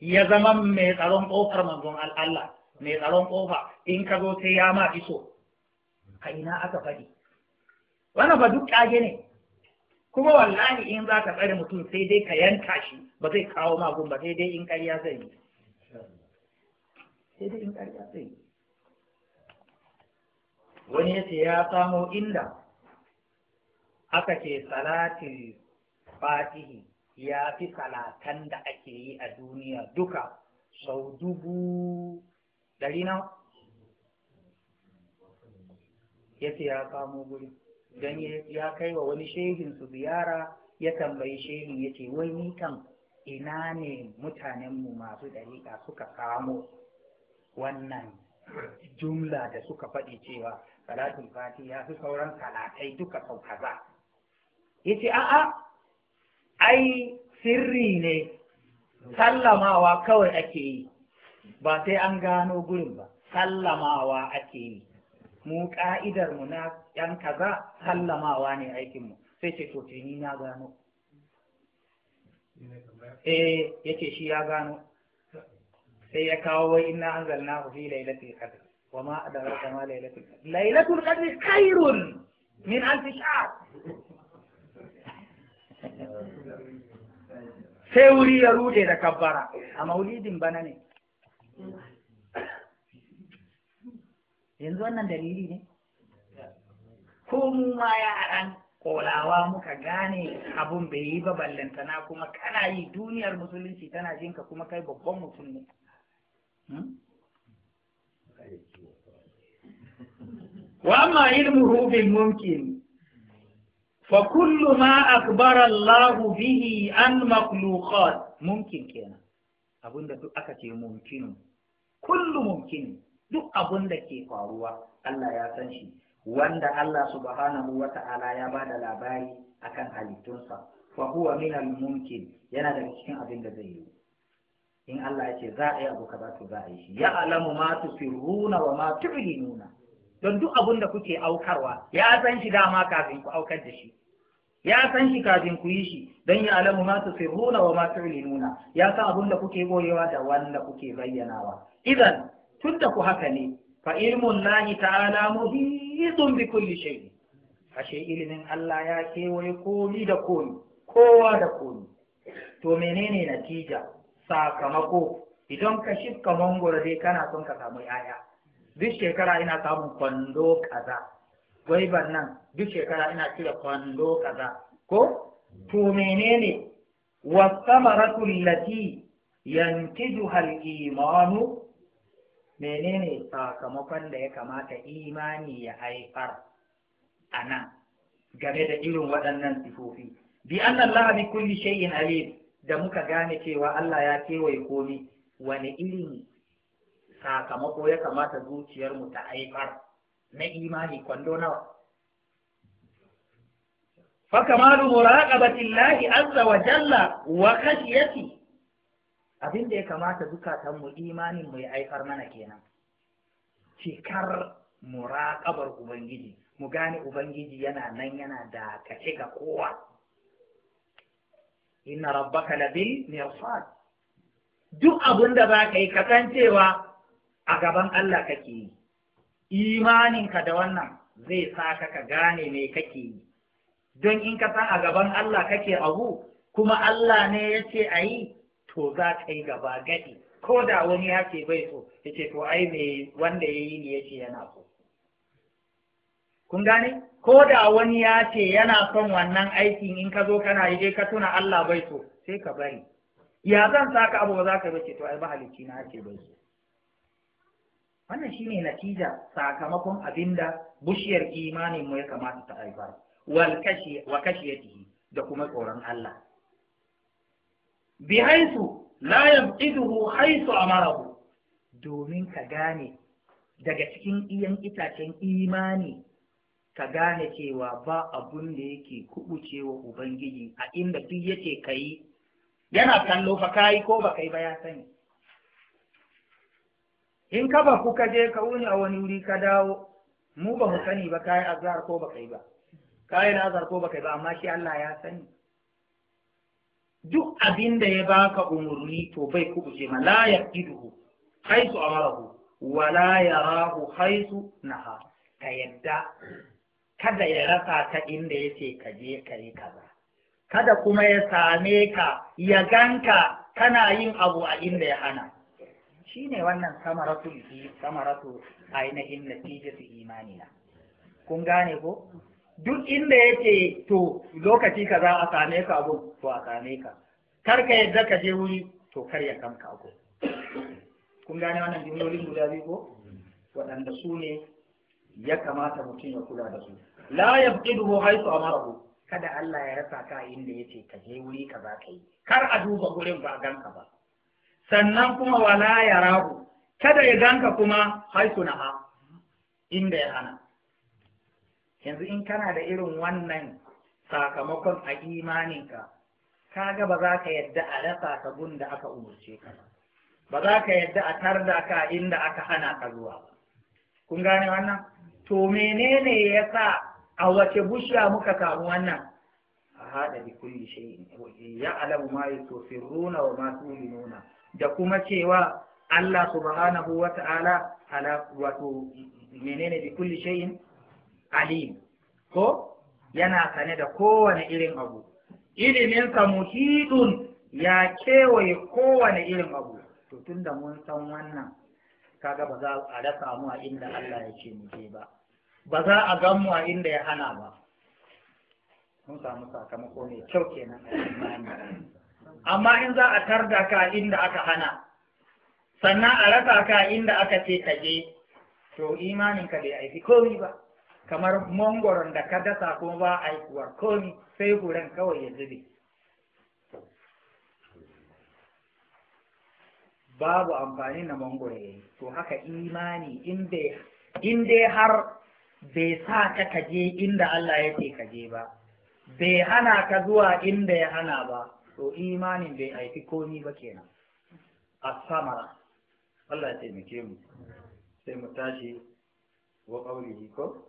Ya zama mai tsaron ƙofar manzon Allah, mai tsaron ƙofa in ka zo sai ya ma iso, a ina aka faɗi. Wannan ba duk ƙage ne, kuma wallahi in za ka tsare mutum sai dai ka yanka shi ba zai kawo magun ba sai dai in ƙarya zai yi. Sai dai in ƙarya zai yi. Wani ya ce ya samo inda aka ce salatin fatihi ya fi salatan da ake yi a duniya duka sau dubu ɗari na ya ce ya kamo guri don ya kai wa wani shehin su ziyara ya tambayi shehin ya ce wai kan ina ne mutanenmu masu ɗariƙa suka kamo wannan jumla da suka faɗi cewa salatin fati ya fi sauran salatai duka sau kaza yace a'a ai sirri ne sallamawa kawai ake yi ba sai an gano gurin ba sallamawa ake yi mu ka'idar mu na yan kaza sallamawa ne aikin mu sai ce to ni na gano eh yace shi ya gano sai ya kawo wai inna hu fi lailatul qadr wa ma adraka ma lailatul qadr lailatul qadr khairun min alf shahr sai wuri ya rude da kabbara a maulidin bana ne yanzu wannan dalili ne ko mu ma yaran kolawa muka gane abun bai yi ba ballantana kuma kana yi duniyar musulunci tana jinka kuma kai babban mutum ne hmm? wa ma ilmuhu bil mumkin فكل ما أخبر الله به عن مخلوقات ممكن كنا أبونا دو أكتي ممكن كل duk abun da ke faruwa Allah ya san shi wanda Allah subhanahu wa ta'ala ya ba da labari akan halittunsa fa huwa min al mumkin yana daga cikin abin da zai yi in Allah ya ce za a yi abu kaza to za a yi shi ya alamu ma firuna wa ma tu'linuna don duk abin da kuke aukarwa ya san shi dama kafin ku aukar da shi ya san shi kafin ku yi shi don ya alamu ma su sirruna wa ma tu'linuna ya san abin da kuke goyewa da wanda kuke bayyanawa idan tunda ku haka ne fa ilmun lahi ta'ala muhitun bi kulli shay ashe ilimin Allah ya kewaye komi da komi kowa da komi to menene natija sakamako idan ka shifka mangoro dai kana son ka samu 'ya'ya duk shekara ina samun kwando kaza gwaibar nan duk shekara ina cire kwando kaza ko to menene wasamaratu lati yantijuha imanu menene sakamakon da ya kamata imani ya haifar a nan game da irin waɗannan sifofi bi anna Allah bi kulli shay'in alim da muka gane cewa Allah ya kewaye komi wani irin sakamako ya kamata zuciyarmu ta haifar na imani kwando nawa فكمال azza wa jalla wa khashiyati abin da ya kamata zukatanmu imanin mu ya haifar mana kenan cikar muraƙabar ubangiji mu gane ubangiji yana nan yana da kace ga kowa inna rabbaka labil mirsad duk abin da za ka yi kasancewa a gaban Allah kake yi imaninka da wannan zai sa ka ka gane me kake yi don in ka san a gaban Allah kake abu kuma Allah ne ya ce a yi to za ka yi gaba gadi ko da wani ya ce bai so ya ce to ai me wanda ya yi ne ya ce yana so kun gane ko da wani ya ce yana son wannan aikin in ka zo kana yi dai ka tuna Allah bai so sai ka bari ya zan sa ka abu ba za ka bace to ai halicci na ce bai so wannan shi shine natija sakamakon abinda bushiyar imanin mu ya kamata ta haifar wa kashi wa da kuma tsoron Allah bi haisu la yabqiduhu haisu amarahu domin ka gane daga cikin iyan itacen imani ka gane cewa ba abun da yake kubuce wa ubangiji a inda duk yake kayi yana kallo fa kayi ko ba kai ba ya sani in ka ba kuka je ka wuni a wani wuri ka dawo mu ba mu sani ba kai azhar ko ba kai ba na azhar ko ba kai ba amma shi Allah ya sani duk abin da ya baka umurni to bai kubuce ma la yaqiduhu haisu amarahu wa la yarahu haisu naha ka yadda kada ya rasa ta inda yace ka je ka yi kaza kada kuma ya same ka ya ganka kana yin abu a inda ya hana Shi ne wannan samaratu samaratu ainihin natijatu imanina kun gane ko duk inda yake to lokaci kaza a same ka abu to a same ka kar ka yadda ka je wuri to kar ya kamka ko kun gane wannan jumlolin guda biyu ko waɗanda su ne ya kamata mutum ya kula da su la a haythu ku. kada Allah ya rasa ka inda yace ka je wuri ka za ka yi. kar a duba gurin ba a ganka ba sannan kuma wala ya rahu kada ya ganka kuma haisu na ha inda ya hana yanzu in kana da irin wannan sakamakon a imaninka kaga ba za ka yadda a rasa ka gunda aka umarce ka ba za ka yadda a tarda ka inda aka hana ka zuwa ba kun gane wannan to menene ya sa a wace bushiya muka samu wannan a haɗa bi kulli shay'in ya alamu ma yusirruna wa ma tulinuna da kuma cewa Allah subhanahu wa ta'ala ala wato menene bi kulli shay'in alim ko yana sane da kowane irin abu iliminsa muhidun ya kewaye kowane irin abu to tunda mun san wannan kaga ba za a rasa mu a inda Allah ya ce ba ba za a gan mu a inda ya hana ba mun samu sakamako mai kyau kenan a imani amma in za a tarda ka inda aka hana sannan a rasa ka inda aka ce ka je to imanin ka bai aiki komi ba kamar mongoron da ka dasa ko ba aikuwar komi sai guren kawai ya zube babu amfani na ya yayi to haka imani in dai har bai sa ka kaje inda Allah ya ce kaje ba bai hana ka zuwa inda ya hana ba to imanin bai aiki komi ba kenan a samara Allah ya taimake mu sai mu tashi wa ƙauri ko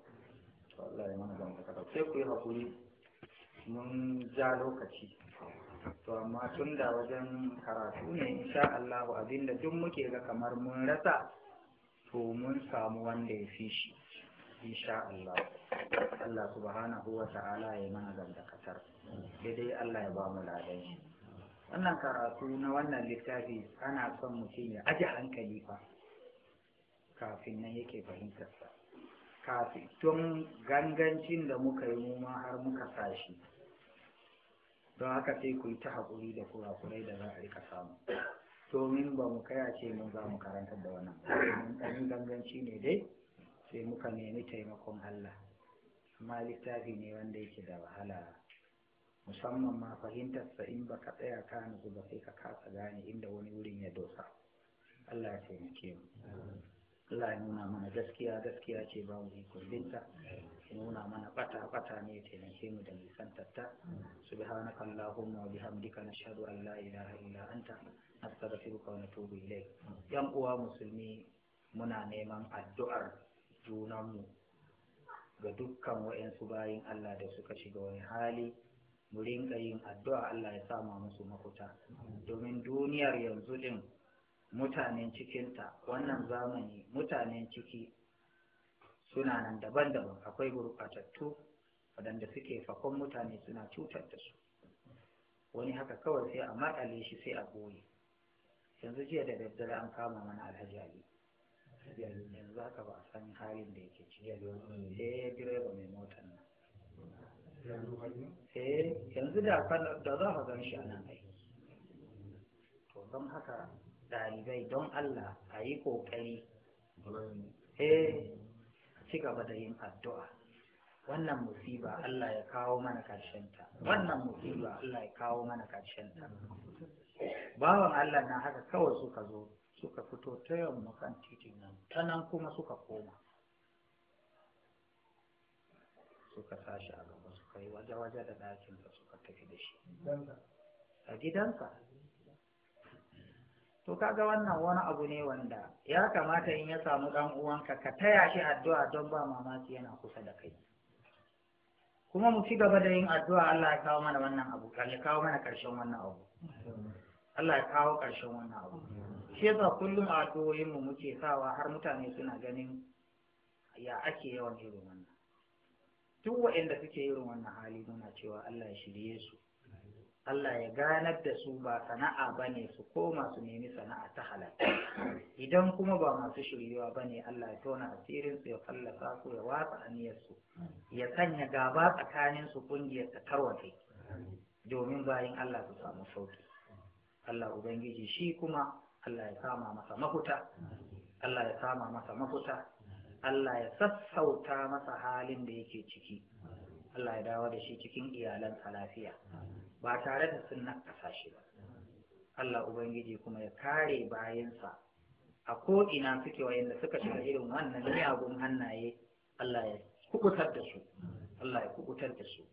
Allah ya mana gamba sai ku yi haƙuri mun ja lokaci to amma tun da wajen karatu ne insha Allah abinda duk muke ga kamar mun rasa to mun samu wanda ya fi shi insha Allah Allah subhanahu wa ta'ala ya mana gamdakatar sai dai Allah ya ba mu ladan wannan karatu na wannan littafi ana son mutum ya aje hankali fa kafin nan yake fahimtar sa kafin tun gangancin da muka yi mu ma har muka sashi don haka sai ku yi ta haƙuri da kurakurai da za a rika samu domin ba mu kaya ce mun za mu karantar da wannan mun ɗan ganganci ne dai sai muka nemi taimakon Allah amma littafi ne wanda yake da wahala musamman ma fahimtar sa in baka tsaya ka nutsu ba sai ka kasa gane inda wani wurin ya dosa Allah ya taimake mu Allah ya nuna mana gaskiya gaskiya ce ba mu ikon ya nuna mana bata bata ne ya taimake mu da nisan tatta subhanaka allahumma wa bihamdika nashhadu an la ilaha illa anta astaghfiruka wa natubu ilayk yan uwa musulmi muna neman addu'ar junanmu ga dukkan waɗansu bayan Allah da suka shiga wani hali mu rinka yin addu'a Allah ya sama musu mafuta domin duniyar yanzu din mutanen cikinta wannan zamani mutanen ciki suna nan daban-daban akwai gurɓatattu waɗanda suke fakon mutane suna cutar da su wani haka kawai sai a maƙale shi sai a goye yanzu jiya da daddare an kama mana alhaji ali yanzu haka ba a san halin da yake ciki eh direba mai motar nan yanzu eh, da za ka gan shi a nan ai to don haka ɗalibai don Allah a yi ƙoƙari eh ci gaba da yin addu'a wannan musiba Allah ya kawo mana ta. wannan musiba Allah ya kawo mana ta. bawan Allah na haka kawai suka zo suka fito ta yamma kan titin nan ta nan kuma suka koma suka sashi a gaba suka yi waje-waje da ɗakinsa suka tafi da shi a gidansa to kaga wannan wani abu ne wanda ya kamata in ya samu ɗan uwanka ka taya shi addu'a don ba mamaki yana kusa da kai kuma mu ci gaba da yin addu'a Allah ya kawo mana wannan abu ya kawo mana ƙarshen wannan abu Allah ya kawo ƙarshen wannan abu shi yasa kullum a addu'o'in mu muke sawa har mutane suna ganin ya ake yawan irin wannan duk waɗanda suke irin wannan hali muna cewa Allah ya shirye su Allah ya ganar da su ba sana'a ba ne su koma su nemi sana'a ta halal idan kuma ba masu shiryewa ba ne Allah ya tona asirin su ya fallasa su ya watsa aniyar su ya sanya gaba tsakanin su kungiyar ta tarwace domin bayan Allah su samu sauki Allah ubangiji shi kuma Allah ya sama masa mafuta Allah ya sama masa mafuta Allah ya sassauta masa halin da yake ciki Allah ya dawo da shi cikin iyalansa lafiya ba tare da sun nakasa shi ba Allah Ubangiji kuma ya kare bayansa a ko'ina suke wayanda suka shiga irin wannan miyagun hannaye Allah ya kubutar da su Allah ya kubutar da su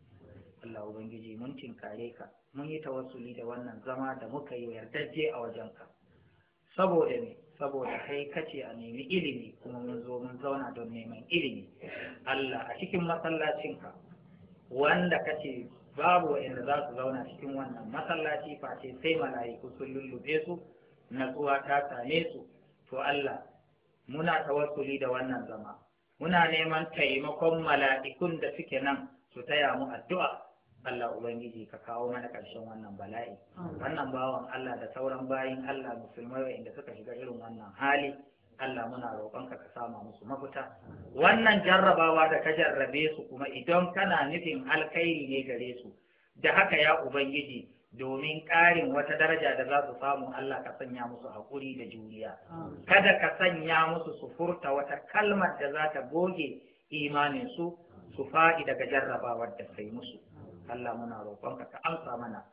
Allah Ubangiji mun tinkare ka mun yi tawassuli da wannan zama da muka yi yardajje a wajenka saboda ne saboda kai kace a nemi ilimi kuma mun zo mun zauna don neman ilimi Allah a cikin masallacinka wanda kace babu wanda za su zauna cikin wannan masallaci face sai mala'iku sun lullube su natsuwa ta same su to Allah muna tawassuli da wannan zama muna neman taimakon mala'ikun da suke nan su taya mu addu'a Allah Ubangiji ka kawo mana ƙarshen wannan bala'i wannan bawan Allah da sauran bayin Allah musulmai inda suka shiga irin wannan hali Allah muna roƙonka ka sama musu mafita wannan jarrabawa da ka jarrabe su kuma idan kana nufin alkhairi ne gare su da haka ya Ubangiji domin ƙarin wata daraja da za su samu Allah ka sanya musu haƙuri da juriya kada ka sanya musu su furta wata kalmar da za ta goge imanin su su faɗi daga jarrabawar da kai musu Allah muna roƙonka ka amsa mana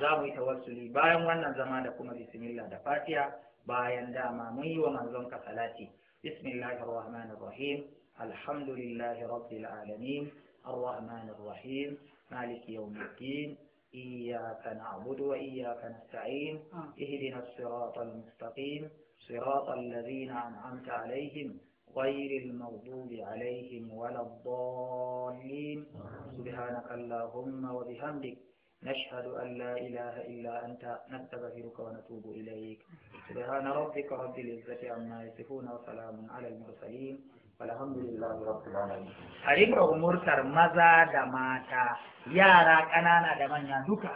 za mu yi tawassuli bayan wannan zama da kuma bismillah da fatiha bayan dama mun yi wa manzon ka salati bismillahir rahmanir rahim alhamdulillahi rabbil alamin arrahmanir rahim maliki yawmiddin إياك نعبد وإياك نستعين اهدنا الصراط المستقيم صراط الذين أنعمت عليهم غير المغضوب عليهم ولا الضالين سبحانك اللهم وبحمدك نشهد أن لا إله إلا أنت نستغفرك ونتوب إليك سبحان ربك رب العزة عما يصفون وسلام على المرسلين والحمد لله رب العالمين أريد rinka umurtar maza da mata yara ƙanana da manya duka